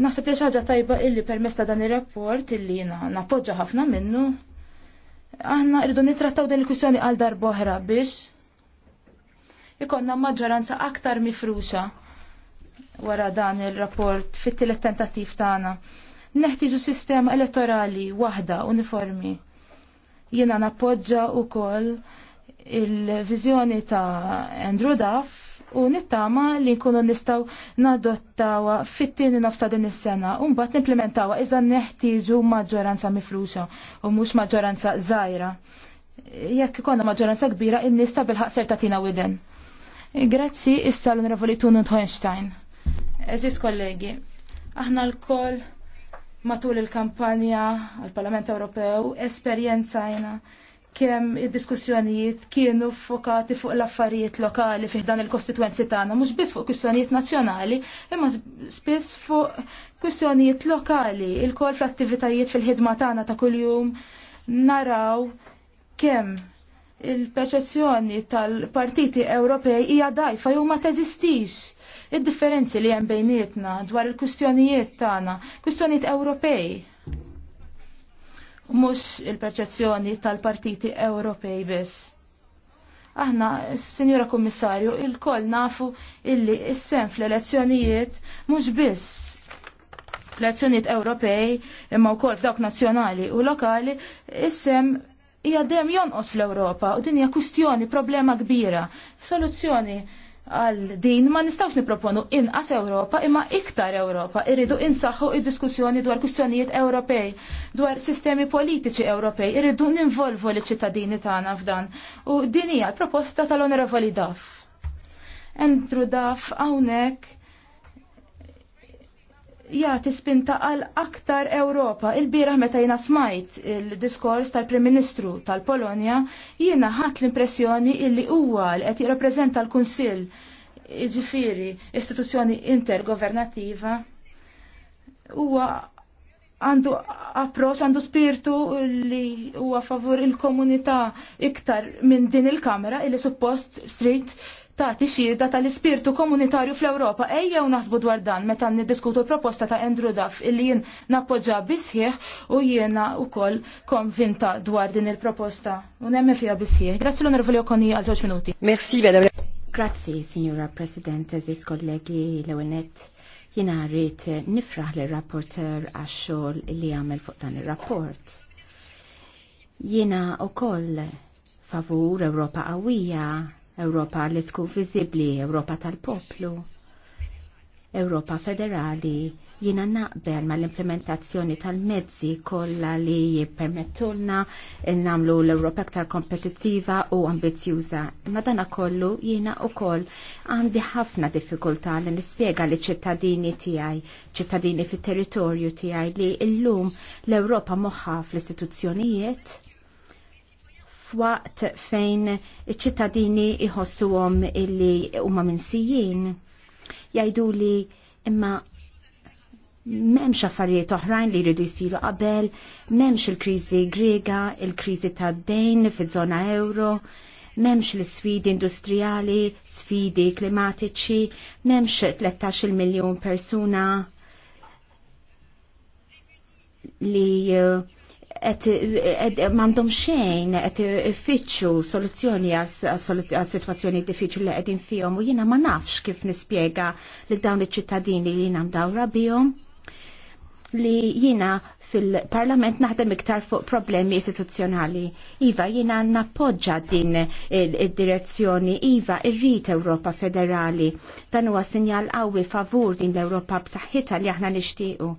Naħseb li xi ħaġa tajba illi permesta ta' dan ir-rapport illi jiena nappoġġa ħafna minnu aħna rridu nitrattaw din il-kwistjoni għal darboħra biex ikonna maġġoranza aktar mifruxa wara dan il-rapport fit-tielet tentattiv tagħna. Neħtieġu sistema elettorali waħda uniformi. Jiena nappoġġa wkoll il-viżjoni ta' Andrew Duff u nittama li nkunu nistaw nadottawa fit-tieni nofsa din is-sena u mbagħad nimplementawha iżda neħtieġu maġġoranza miflusha u mhux maġġoranza żgħira. Jekk ikonna maġġoranza kbira, in-nies ta' bil-ħaqser tagħtina widen. Grazzi issa l-Onorevoli Tunut Hohenstein. Eżis kollegi, aħna l-koll matul il-kampanja għal-Parlament Ewropew esperjenzajna kemm id-diskussjonijiet kienu fokati fuq l-affarijiet lokali fih dan il-kostituenzi tagħna, mhux biss fuq kwistjonijiet nazzjonali, imma spiss fuq kwistjonijiet lokali, il-kol fl-attivitajiet fil-ħidma tagħna ta' kuljum naraw kemm il perċessjoni tal-partiti Ewropej hija dajfa jew ma teżistix id-differenzi li hemm bejnietna dwar il-kwistjonijiet tagħna, kwistjonijiet Ewropej mhux il-perċezzjoni tal-partiti Ewropej biss. Aħna, Sinjora Kommissarju, il-koll nafu illi is-sem fl-elezzjonijiet mhux biss fl-elezzjonijiet Ewropej imma wkoll f'dawk nazzjonali u lokali is-sem hija dejjem jonqos fl-Ewropa u din hija kwistjoni problema kbira. Soluzzjoni għal din ma nistawx niproponu inqas Ewropa imma iktar Ewropa. Irridu insaħħu id-diskussjoni dwar kwistjonijiet Ewropej, dwar sistemi politiċi Ewropej, irridu ninvolvu l-ċittadini tagħna f'dan. U din hija l-proposta tal-Onorevoli Daf. Entru Daf hawnhekk jagħti spinta għal aktar Ewropa. il bira meta jina smajt il-diskors tal-Prim Ministru tal-Polonja, jiena ħat l-impressjoni illi huwa li qed jirrappreżenta l-Kunsill iġifiri istituzzjoni intergovernativa huwa għandu approċ, għandu spiritu li huwa favur il-komunità iktar minn din il-kamera illi suppost street. Ta' xhieda tal-ispirtu komunitarju fl-Ewropa ejjew naħsbu dwar dan meta niddiskutu l-proposta ta' Andrew Duff illi jien nappoġġa bisħieħ u jiena wkoll konvinta dwar din il-proposta u nemmen fiha bisħieħ. Grazzi l-Onorevoli koni għal żewġ minuti. Merci, Madam. Grazzi, Signora President, eżis kollegi l-ewenet jina rrit nifraħ l rapporter għaxxol li għamel fuq dan il-rapport. Jina u koll favur Ewropa għawija Ewropa li tkun viżibbli, Ewropa tal-poplu, Ewropa federali, jina naqbel ma l-implementazzjoni tal-mezzi kollha li jippermettulna namlu l-Ewropa aktar kompetitiva u ambizjuża. Imma dana kollu jina u koll għandi ħafna diffikulta li nispjega li ċittadini tiegħi, ċittadini fit-territorju tiegħi li illum l-Ewropa moħħa fl-istituzzjonijiet f'waqt fejn iċ-ċittadini għom illi huma minsijin. Jajdu li imma memx affarijiet oħrajn li jridu jsiru qabel, memx il-kriżi grega, il-kriżi tad-dejn fiż-żona euro, memx l-sfidi industrijali, sfidi klimatiċi, memx 13 miljon persuna li uh, mandom xejn qed ifittxu soluzzjoni għas-sitwazzjoni diffiċli li qegħdin fihom u jiena ma nafx kif nispjega li dawn iċ-ċittadini li jiena mdawra bihom li jiena fil-parlament naħdem iktar fuq problemi istituzzjonali. Iva, jina nappoġġa din id-direzzjoni. Iva, irrit Ewropa federali. Dan huwa sinjal qawwi favur din l-Ewropa b'saħħitha li aħna nixtiequ.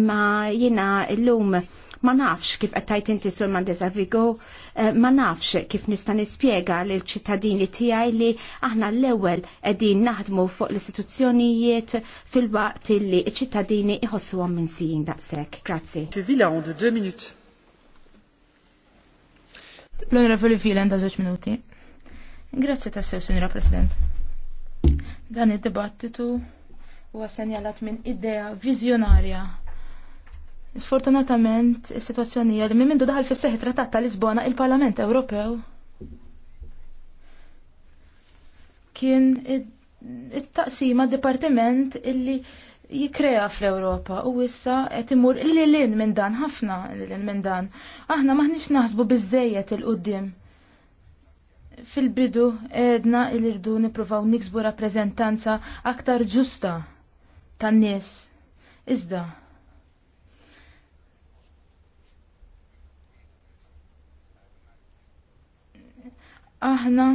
Imma jina llum ma nafx kif qed inti sur Mandeza Vigo, eh, ma nafx kif nista' nispjega lill ċittadini tiegħi li aħna l-ewwel qegħdin naħdmu fuq l-istituzzjonijiet fil-waqt li ċ-ċittadini iħossuhom minn sin daqshekk. Grazzi. Wieland, deux minutes. L-Onorevoli da żewġ minuti. Grazzi tassew, Sinjora President. Dan id-dibattitu huwa senjalat minn idea viżjonarja. Sfortunatament, is-sitwazzjoni li minn mindu daħal fis seħħ trattat ta' Lisbona il-Parlament Ewropew kien it-taqsima dipartiment illi jikrea fl-Ewropa u issa qed imur lilin minn dan ħafna lilin minn dan. Aħna maħniex naħsbu biżejjed il-qudiem. Fil-bidu edna il-irdu nipruvaw niksbu rappreżentanza aktar ġusta tan-nies. Iżda, aħna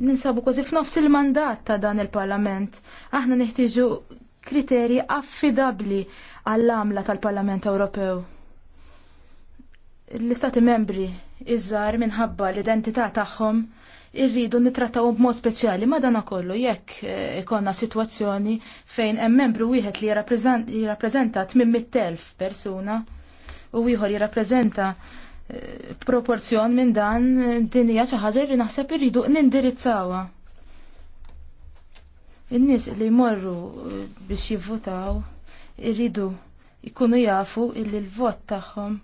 ninsabu kważi f'nofs il-mandat ta' dan il-Parlament. Aħna neħtieġu kriterji affidabli għall-għamla tal-Parlament Ewropew. L-Istati membri iżżar minħabba l-identità tagħhom irridu nitrattaw b'mod speċjali ma dana kollu jekk eh, ikonna sitwazzjoni fejn hemm membru wieħed li jirrappreżenta 800,000 persuna u ieħor jirrappreżenta proporzjon minn dan din hija xi ħaġa li naħseb irridu nindirizzawha. In-nies li jmorru eh, biex jivvutaw irridu jkunu jafu illi l-vot tagħhom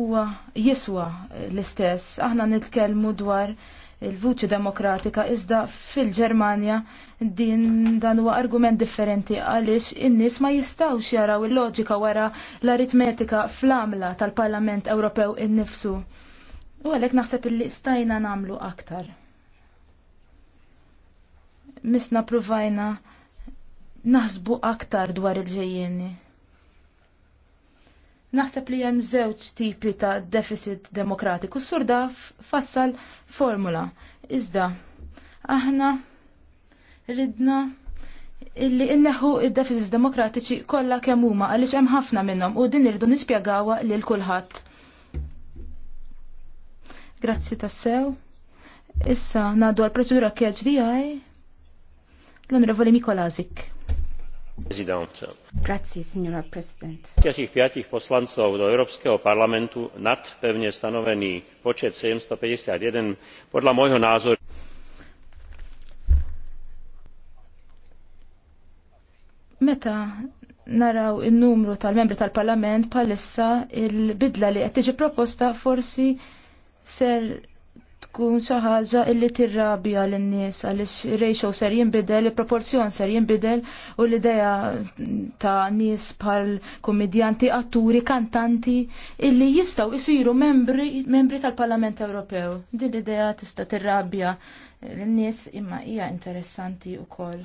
huwa jiswa l-istess. Aħna nitkellmu dwar il-vuċi demokratika iżda fil-Ġermanja din dan huwa argument differenti għaliex in-nies ma jistgħux jaraw il-loġika wara l-aritmetika fl-għamla tal-Parlament Ewropew innifsu. U għalhekk naħseb illi stajna nagħmlu aktar. Misna provajna naħsbu aktar dwar il-ġejjeni. Naħseb li hemm żewġ tipi ta' deficit demokratiku. Sur da fassal formula. Iżda, aħna ridna illi inneħu id-deficit demokratiċi kollha kemm huma għaliex hemm ħafna minnhom u din irdu nispjegawha lil kulħadd. Grazzi tassew. Issa ngħaddu għal proċedura KHDI l-Onorevoli Mikolazik piatich poslancov do Európskeho parlamentu nad pevne stanovený počet 751 podľa môjho názoru Meta naraw il-numru tal-membri tal-parlament palissa il-bidla li qed tiġi proposta forsi ser tkun xi ħaġa illi tirrabja lin-nies għaliex ratio ser jinbidel, il-proporzjon ser jinbidel u l-idea ta' nies bħal komedjanti, atturi, kantanti illi jistgħu jsiru membri, membri tal-Parlament Ewropew. Din l-idea tista' tirrabja lin-nies imma hija interessanti wkoll.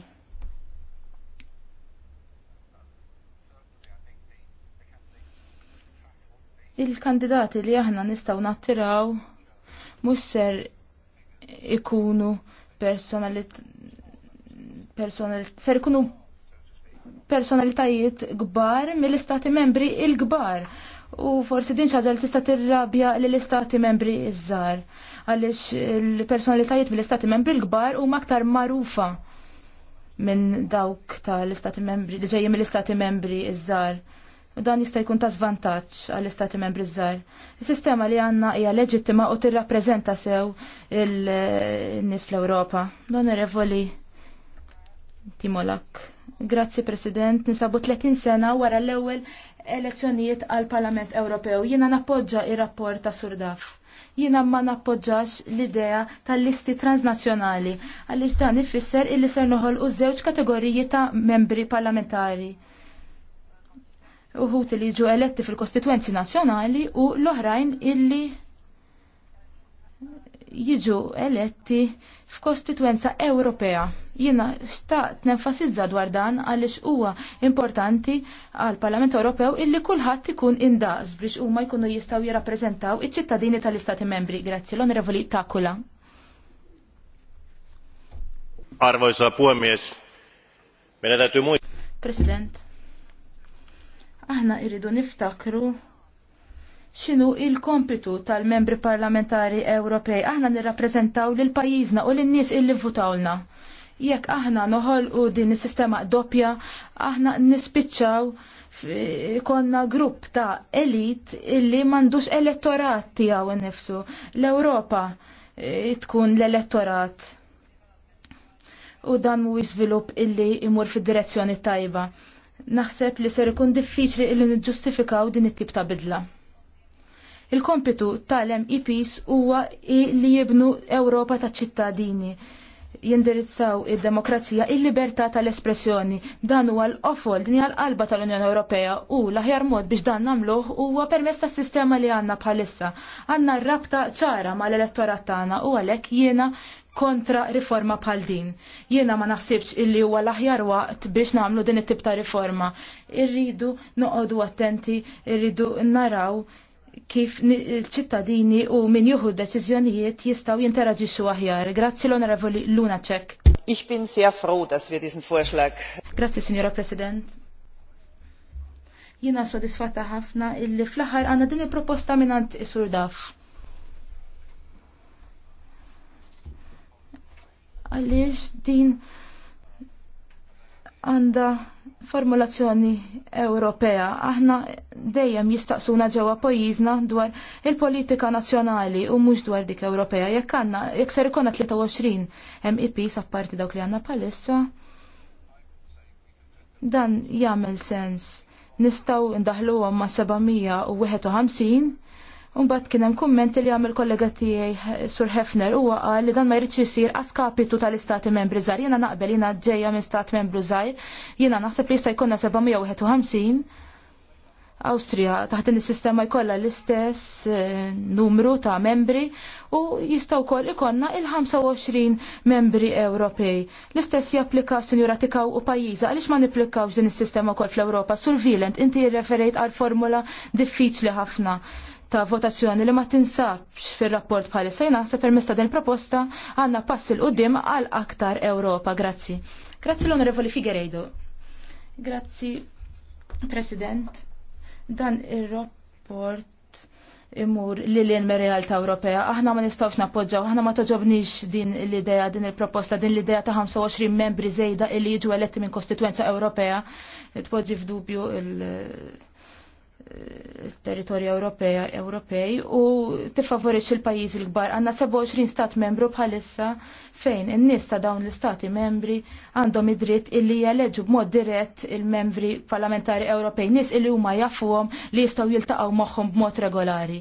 il-kandidati li aħna nistaw nattiraw mhux ser ikunu personalit ser ikunu personalitajiet kbar mill-istati membri il-kbar. U forsi din xaġa li tista' tirrabja lill istati membri iż-żgħar għaliex il-personalitajiet mill-istati membri l-kbar huma aktar magħrufa minn dawk tal-istati membri li ġejjin mill-istati membri iż-żgħar u dan jista' jkun ta' żvantaġġ għall-istati membri żgħar. Is-sistema li għandna hija leġittima u tirrappreżenta sew il-nies fl-Ewropa. Don Revoli Timolak. Grazzi President, nisabu 30 sena wara l-ewwel elezzjonijiet għal Parlament Ewropew. Jiena nappoġġa ir-rapport ta' Surdaf. Jiena ma nappoġġax l-idea tal-listi transnazzjonali għaliex dan ifisser illi ser noħolqu żewġ kategoriji ta' membri parlamentari uħut li ġu eletti fil-kostituenzi nazjonali u l-oħrajn illi jiġu eletti f'kostituenza Ewropea. Jina xtaqt nenfasizza dwar dan għaliex huwa importanti għal Parlament Ewropew illi kulħadd ikun indaqs biex huma jkunu jistgħu jirrappreżentaw iċ-ċittadini tal-Istati Membri. Grazzi l-Onorevoli Takula. Arvoisa puhemies, meidän täytyy muistaa. President Aħna irridu niftakru xinu il-kompitu tal-membri parlamentari Ewropej. Aħna nirrappreżentaw lil pajjiżna u lin-nies illi votawlna. Jekk aħna noħolqu din is-sistema doppja, aħna nispiċċaw konna grupp ta' elit illi m'għandux elettorat tiegħu nifsu. L-Ewropa e, tkun l-elettorat. U dan mhuwi żvilupp illi imur fid-direzzjoni tajba naħseb li ser ikun diffiċli li niġġustifikaw din it-tip ta' bidla. Il-kompitu tal-MEPs huwa li jibnu Ewropa ta' ċittadini jindirizzaw id-demokrazija, il-libertà tal-espressjoni. Dan huwa l-qofol, din hija l-qalba tal-Unjoni Ewropea u l-aħjar mod biex dan nagħmluh huwa permezz tas-sistema li għandna bħalissa. Għandna rabta ċara mal-elettorat tagħna u għalhekk jiena kontra riforma bħal din. Jiena ma naħsibx illi huwa l-aħjar waqt biex nagħmlu din it-tip ta' riforma. Irridu noqogħdu attenti, irridu naraw kif ċittadini u min juhu deċiżjonijiet jistaw jinteraġixxu aħjar. Grazzi l-Onorevoli Luna Czech. Ich bin sehr froh, dass wir diesen Vorschlag. Grazzi, Signora President. Jina sodisfatta ħafna illi fl-aħħar għandna din il-proposta minant isur daf. Għaliex din għanda formulazzjoni Ewropea. Aħna dejjem jistaqsuna ġewwa pajjiżna dwar il-politika nazzjonali u mhux dwar dik Ewropea. Jekk għandna jekk ser ikolna 23 MEP apparti dawk li għandna palissa, dan jagħmel sens. Nistgħu ndaħluhom ma' 751 Umbat kien hemm kumment li għamil kollega tiegħi Sur Hefner huwa qal li dan ma jridx isir kapitu tal-istati membri żgħar. Jiena naqbel jiena ġejja minn stat membru żgħir, jiena naħseb li jista' jkollna 751. Awstrija taħt din is-sistema jkollha l-istess eh, numru ta' membri u jistaw wkoll ikollna il-25 membri Ewropej. L-istess japplika sinjura tikaw u pajjiża għaliex ma nipplikawx din is-sistema wkoll fl-Ewropa. Sur Vilent, inti jirreferejt għal formula diffiċli ħafna ta' votazzjoni li ma tinsabx fil-rapport bħalissa jina se permista ta' din proposta għanna pass il qudiem għal aktar Ewropa. Grazzi. Grazzi l-Onorevoli Figueiredo. Grazzi, President. Dan il-rapport imur li l me realtà Ewropea. Aħna ma nistawx nappoġġaw, aħna ma toġobnix din l-idea, din il-proposta, din l-idea ta' 25 membri zejda li jiġu eletti minn Kostituenza Ewropea. Tpoġġi f'dubju il- territorju Ewropea Ewropej u tiffavorixxi l-pajjiżi l-kbar. Għandna 27 stat membru bħalissa fejn in-nies ta' dawn l-istati membri għandhom id-dritt illi jeleġu b'mod dirett il-membri parlamentari Ewropej, nies illi huma jafuhom li jistgħu jiltaqgħu magħhom b'mod regolari.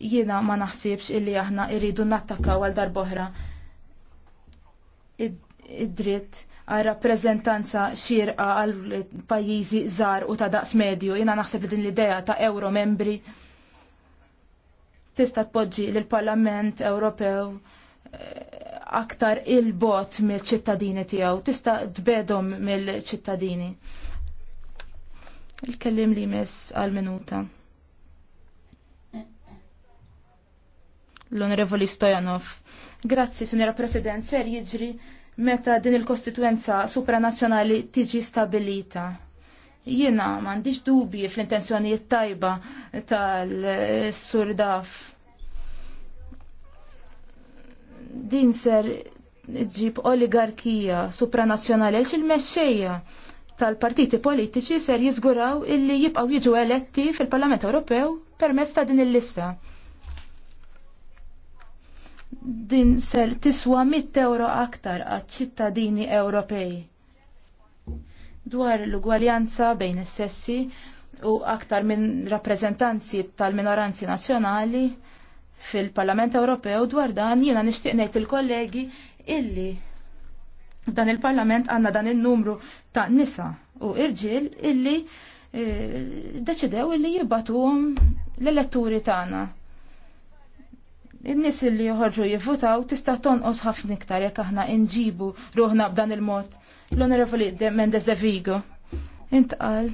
Jiena ma naħsibx illi aħna irridu nattakkaw għal darb'oħra id-dritt għal rappreżentanza xirqa għal pajjiżi żgħar u ta' daqs medju. Jiena naħseb li din l-idea ta' euro membri tista' tpoġġi lill parlament Ewropew eh, aktar il-bot mill-ċittadini tiegħu, tista' tbedhom mill-ċittadini. Il-kellim li jmiss għal-minuta. L-Onorevoli Stojanov. Grazzi, Sinjora President, ser jiġri meta din il-kostituenza supranazzjonali tiġi stabilita. Jiena m'għandix dubji fl-intenzjonijiet tajba tal-surdaf. Din ser ġib oligarkija supranazzjonali għax il-mexxejja tal-partiti politiċi ser jiżguraw illi jibqgħu jiġu eletti fil-Parlament Ewropew permezz ta' din il-lista din ser tiswa 100 euro aktar għat ċittadini Ewropej. Dwar l-ugwaljanza bejn is-sessi u aktar minn rappreżentanzi tal-minoranzi nazzjonali fil-Parlament Ewropew dwar dan jiena nixtieq ngħid il-kollegi illi dan il-Parlament għandna dan il-numru ta' nisa u irġiel illi eh, deċidew illi jibbatuhom l-elettori tagħna in-nies li joħorġu jivvutaw tista' tonqos ħafna iktar jekk aħna nġibu ruħna b'dan il-mod. L-Onorevoli Mendes de Vigo intqal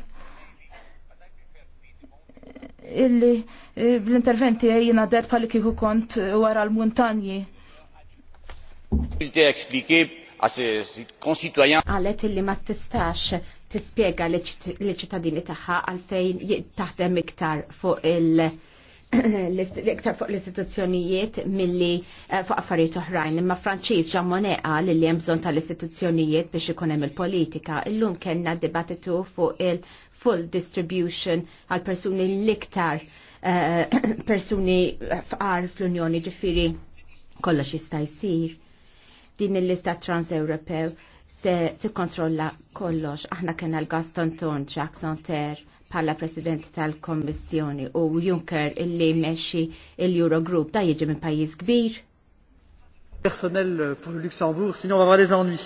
illi eh, bl-interventi jina dert bħal kieku kont eh, wara l-muntanji. Għalet illi ma tistax spiega l-ċittadini taħħa għalfejn taħdem iktar fuq il- l-iktar fuq l-istituzzjonijiet milli eh, fuq affarijiet oħrajn. Imma Franċiż Ġammonet qal li hemm bżonn tal-istituzzjonijiet biex ikun hemm il-politika. Illum kellna dibattitu fuq il-full distribution għal persuni l-iktar eh, persuni fqar fl-Unjoni ġifiri kollox jista' jsir. Din il-lista trans-Ewropew se tikkontrolla kollox. Aħna kena l-Gaston Ton, Jackson Ter, bħala President tal-Kommissjoni u Juncker illi meċi il-Eurogroup da jieġi minn pajjiż kbir? personnel euh, pour le Luxembourg, sinon on va avoir des ennuis.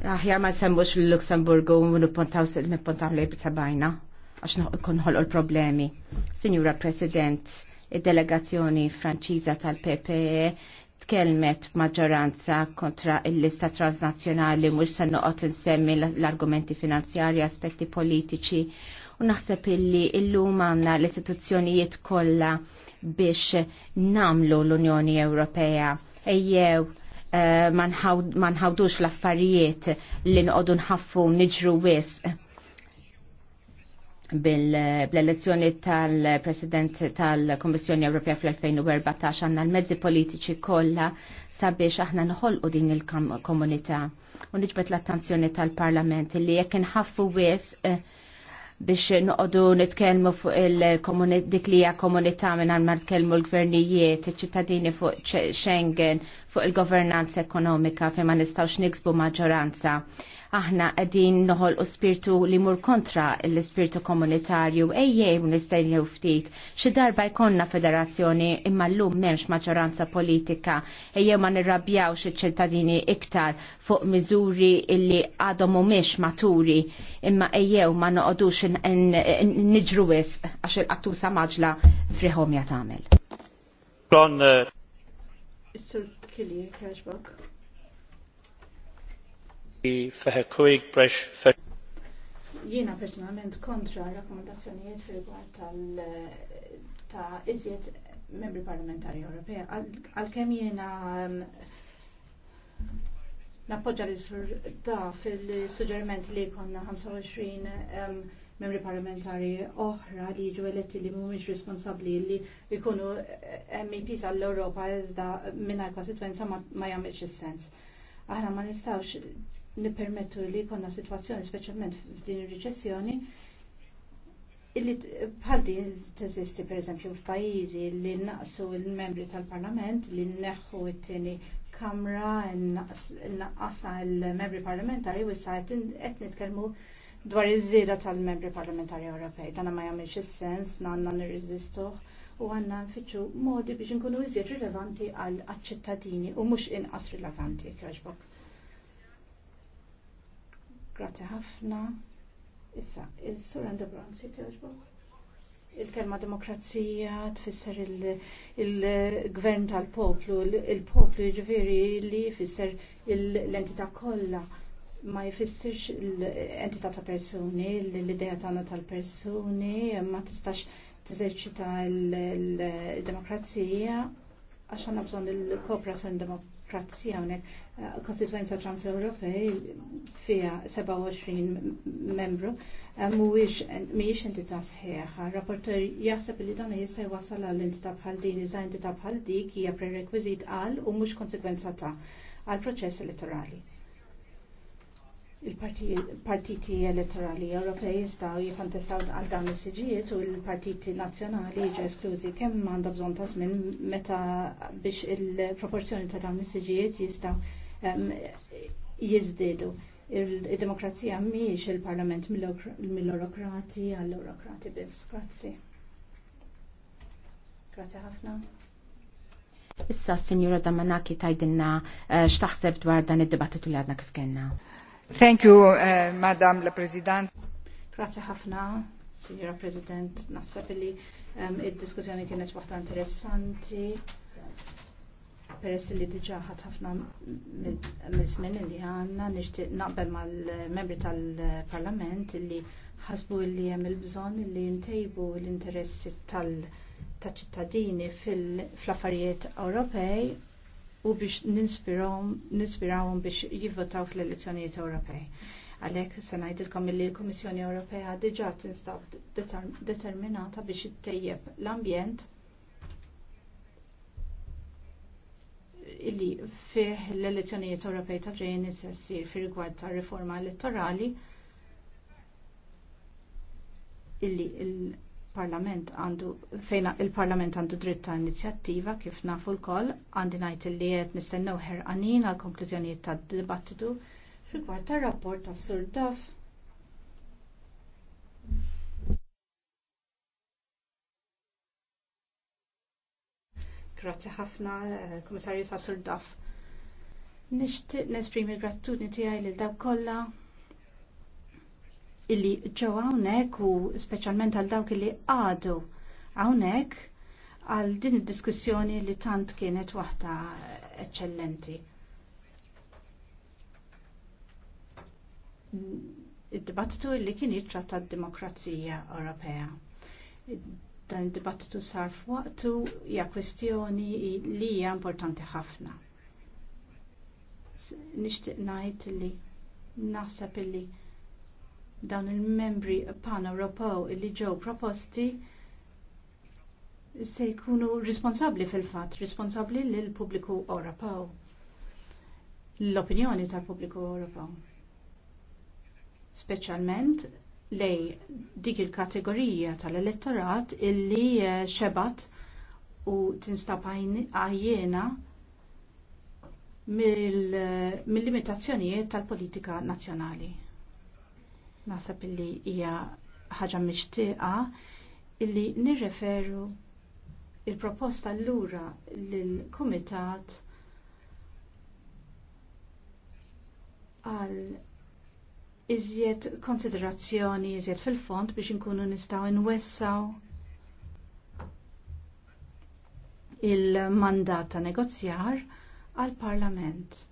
Aħjar ah, ma semmux l luxembourg u nippontaw nippontaw lej sabajna għax nħol l-problemi. Signora President, id-delegazzjoni franċiża tal-PPE tkellmet maġġoranza kontra il-lista transnazjonali mhux se noqgħod insemmi l-argumenti finanzjarji, aspetti politiċi u naħseb illi illum għandna l-istituzzjonijiet kollha biex namlu l-Unjoni Ewropea. Ejjew, eh, ma nħawdux l-affarijiet li nqodu nħaffu niġru wisq bil-elezzjoni tal-President tal-Kommissjoni Ewropea fl-2014 għanna l-mezzi politiċi kollha sabiex aħna nħolqu din il-komunità u niġbet l-attenzjoni tal-Parlament li jekk inħaffu wisq eh, biex noqogħdu nitkellmu fuq il dik li hija komunità mingħajr ma tkellmu l-gvernijiet, iċ-ċittadini fuq Schengen, fuq il-governanza ekonomika fejn ma nistgħux niksbu maġġoranza. Aħna qegħdin noħol u spirtu li mur kontra l-spirtu komunitarju un-istajni u ftit xi darba jkollna federazzjoni imma llum m'hemmx maġġoranza politika ejjew ma nirrabjawx xie ċittadini iktar fuq miżuri illi għadhom mhumiex maturi imma ejjew ma noqogħdux niġru wisq għax il-qattusa maġla friħom jatamil. Don. Uh, Is-sur Jiena personalment kontra rakkomandazzjonijiet fil-rigward tal ta' iżjed membri parlamentari Ewropea għalkemm jiena um, nappoġġa li da fil-suġġeriment li konna 25 um, membri parlamentari oħra li jiġu eletti li mhumiex responsabbli li jkunu eh, MEPs għall-Ewropa iżda mingħajr konsitwenza ma, ma jagħmilx is-sens. Aħna ma nistgħux nipermettu li konna situazzjoni speċjalment f'din ir-riċessjoni illi bħal din teżisti pereżempju f'pajjiżi li naqsu l-membri tal-Parlament li neħu t-tieni kamra naqqasna il membri parlamentari u issa qed nitkellmu dwar iż-żieda tal-membri parlamentari Ewropej. Dan ma jagħmilx is-sens għandna nirriżistuh u għanna nfittxu modi biex nkunu iżjed rilevanti għal ċittadini u mhux inqas rilevanti kjaġbok. Grazie ħafna. Issa, il-Suranda Bronzi, kjoġbok. Il-kelma demokrazija tfisser il-gvern tal-poplu, il-poplu ġveri jiġifieri li jfisser l-entità kollha ma jfissirx l-entità ta' persuni, l-idea tagħna tal-persuni, ma tistax teżerċita l-demokrazija għax għanna bżon il-kooperazzjoni demokrazija għonek, eh, Kostituenza Trans-Ewropej fija 27 membru eh, mhuwiex entita' sħiħa. Rapporter jaħseb li dan jistaj jwassal għal entita bħal din iżda entita bħal dik hija prerequisit għal u mhux konsekwenza ta' għal proċess elettorali il-partiti elettorali Ewropej jistgħu jikkontestaw għal dawn is-siġijiet u l-partiti nazzjonali jiġu esklużi kemm għandha bżonn ta' żmien meta biex il-proporzjoni ta' dawn is-siġijiet jistgħu jiżdiedu. Il-demokrazija mhijiex il-parlament mill-orokrati għall-orokrati biss. Grazzi. Grazzi ħafna. Issa, Sinjura Damanaki, tajdinna eh, x'taħseb dwar dan id-dibattitu li għadna kif kellna. Thank you, uh, Madam la President. Grazie ħafna, Signora President. Naħseb li um, id-diskussjoni kienet waħda interessanti. Peress li diġa ħat ħafna mizmin li għanna nixtieq naqbel mal-membri tal-Parlament li ħasbu li hemm il-bżonn li ntejbu l-interessi tal-ċittadini fl-affarijiet Ewropej u biex ninspirawhom biex jivvotaw fl-elezzjonijiet Ewropej. Għalhekk se ngħidilkom li l-Kummissjoni Ewropea diġà tinstab determinata biex jittejjeb l-ambjent illi fih l-elezzjonijiet Ewropej ta' ġejjin issessir fi rigward ta' riforma elettorali illi il parlament għandu fejn il-Parlament għandu dritt ta' inizjattiva kif nafu l-koll għandi ngħid li qed nistennew ħerqanin għal konklużjonijiet tad-dibattitu rigward tar-rapport tas Sur Duff. Grazzi ħafna, eh, Kummissarju ta' Sur Duff. Nixtieq nesprimi gratitudni tiegħi lil dawk kollha illi ġew hawnhekk u speċjalment għal dawk illi għadu hawnhekk għal din id-diskussjoni li tant kienet waħda eċċellenti. Id-dibattitu li kien jitratta d-demokrazija Ewropea. Dan id-dibattitu sar f'waqtu hija kwestjoni li hija importanti ħafna. Nixtieq ngħid li naħseb illi dawn il-membri pan-Ewropew illi ġew proposti se jkunu responsabbli fil-fatt, responsabbli lill pubbliku Ewropew. L-opinjoni tal-pubbliku Ewropew. Speċjalment lej dik il-kategorija tal-elettorat illi eh, xebat u tinstab għajjena eh, mill-limitazzjonijiet tal-politika nazzjonali. Nasab illi hija ħaġa mixtieqa illi nirreferu il-proposta l-lura l-Kumitat għal iżjed konsiderazzjoni, iżjed fil-fond biex inkunu nistaw nwessaw il-mandat ta' negozjar għal-Parlament.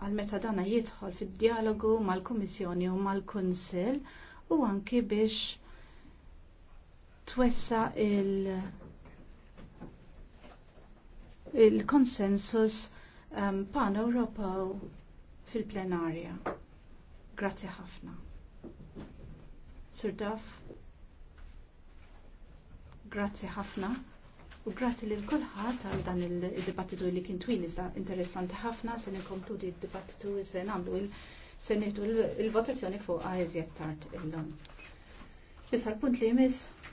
għal meta dana jidħol fid-dialogu mal-Kummissjoni u mal-Kunsill u anki biex twessa il- il-konsensus um, pan-Ewropew fil-plenarja. Grazzi ħafna. Sir Duff, grazzi ħafna. U grati li l-kulħat għal dan il-dibattitu li kien twil iżda interessanti ħafna se nikonkludi il-dibattitu se nagħmlu il-senetu il-votazzjoni fuq għajżjed tard illum. Issa l-punt li jmiss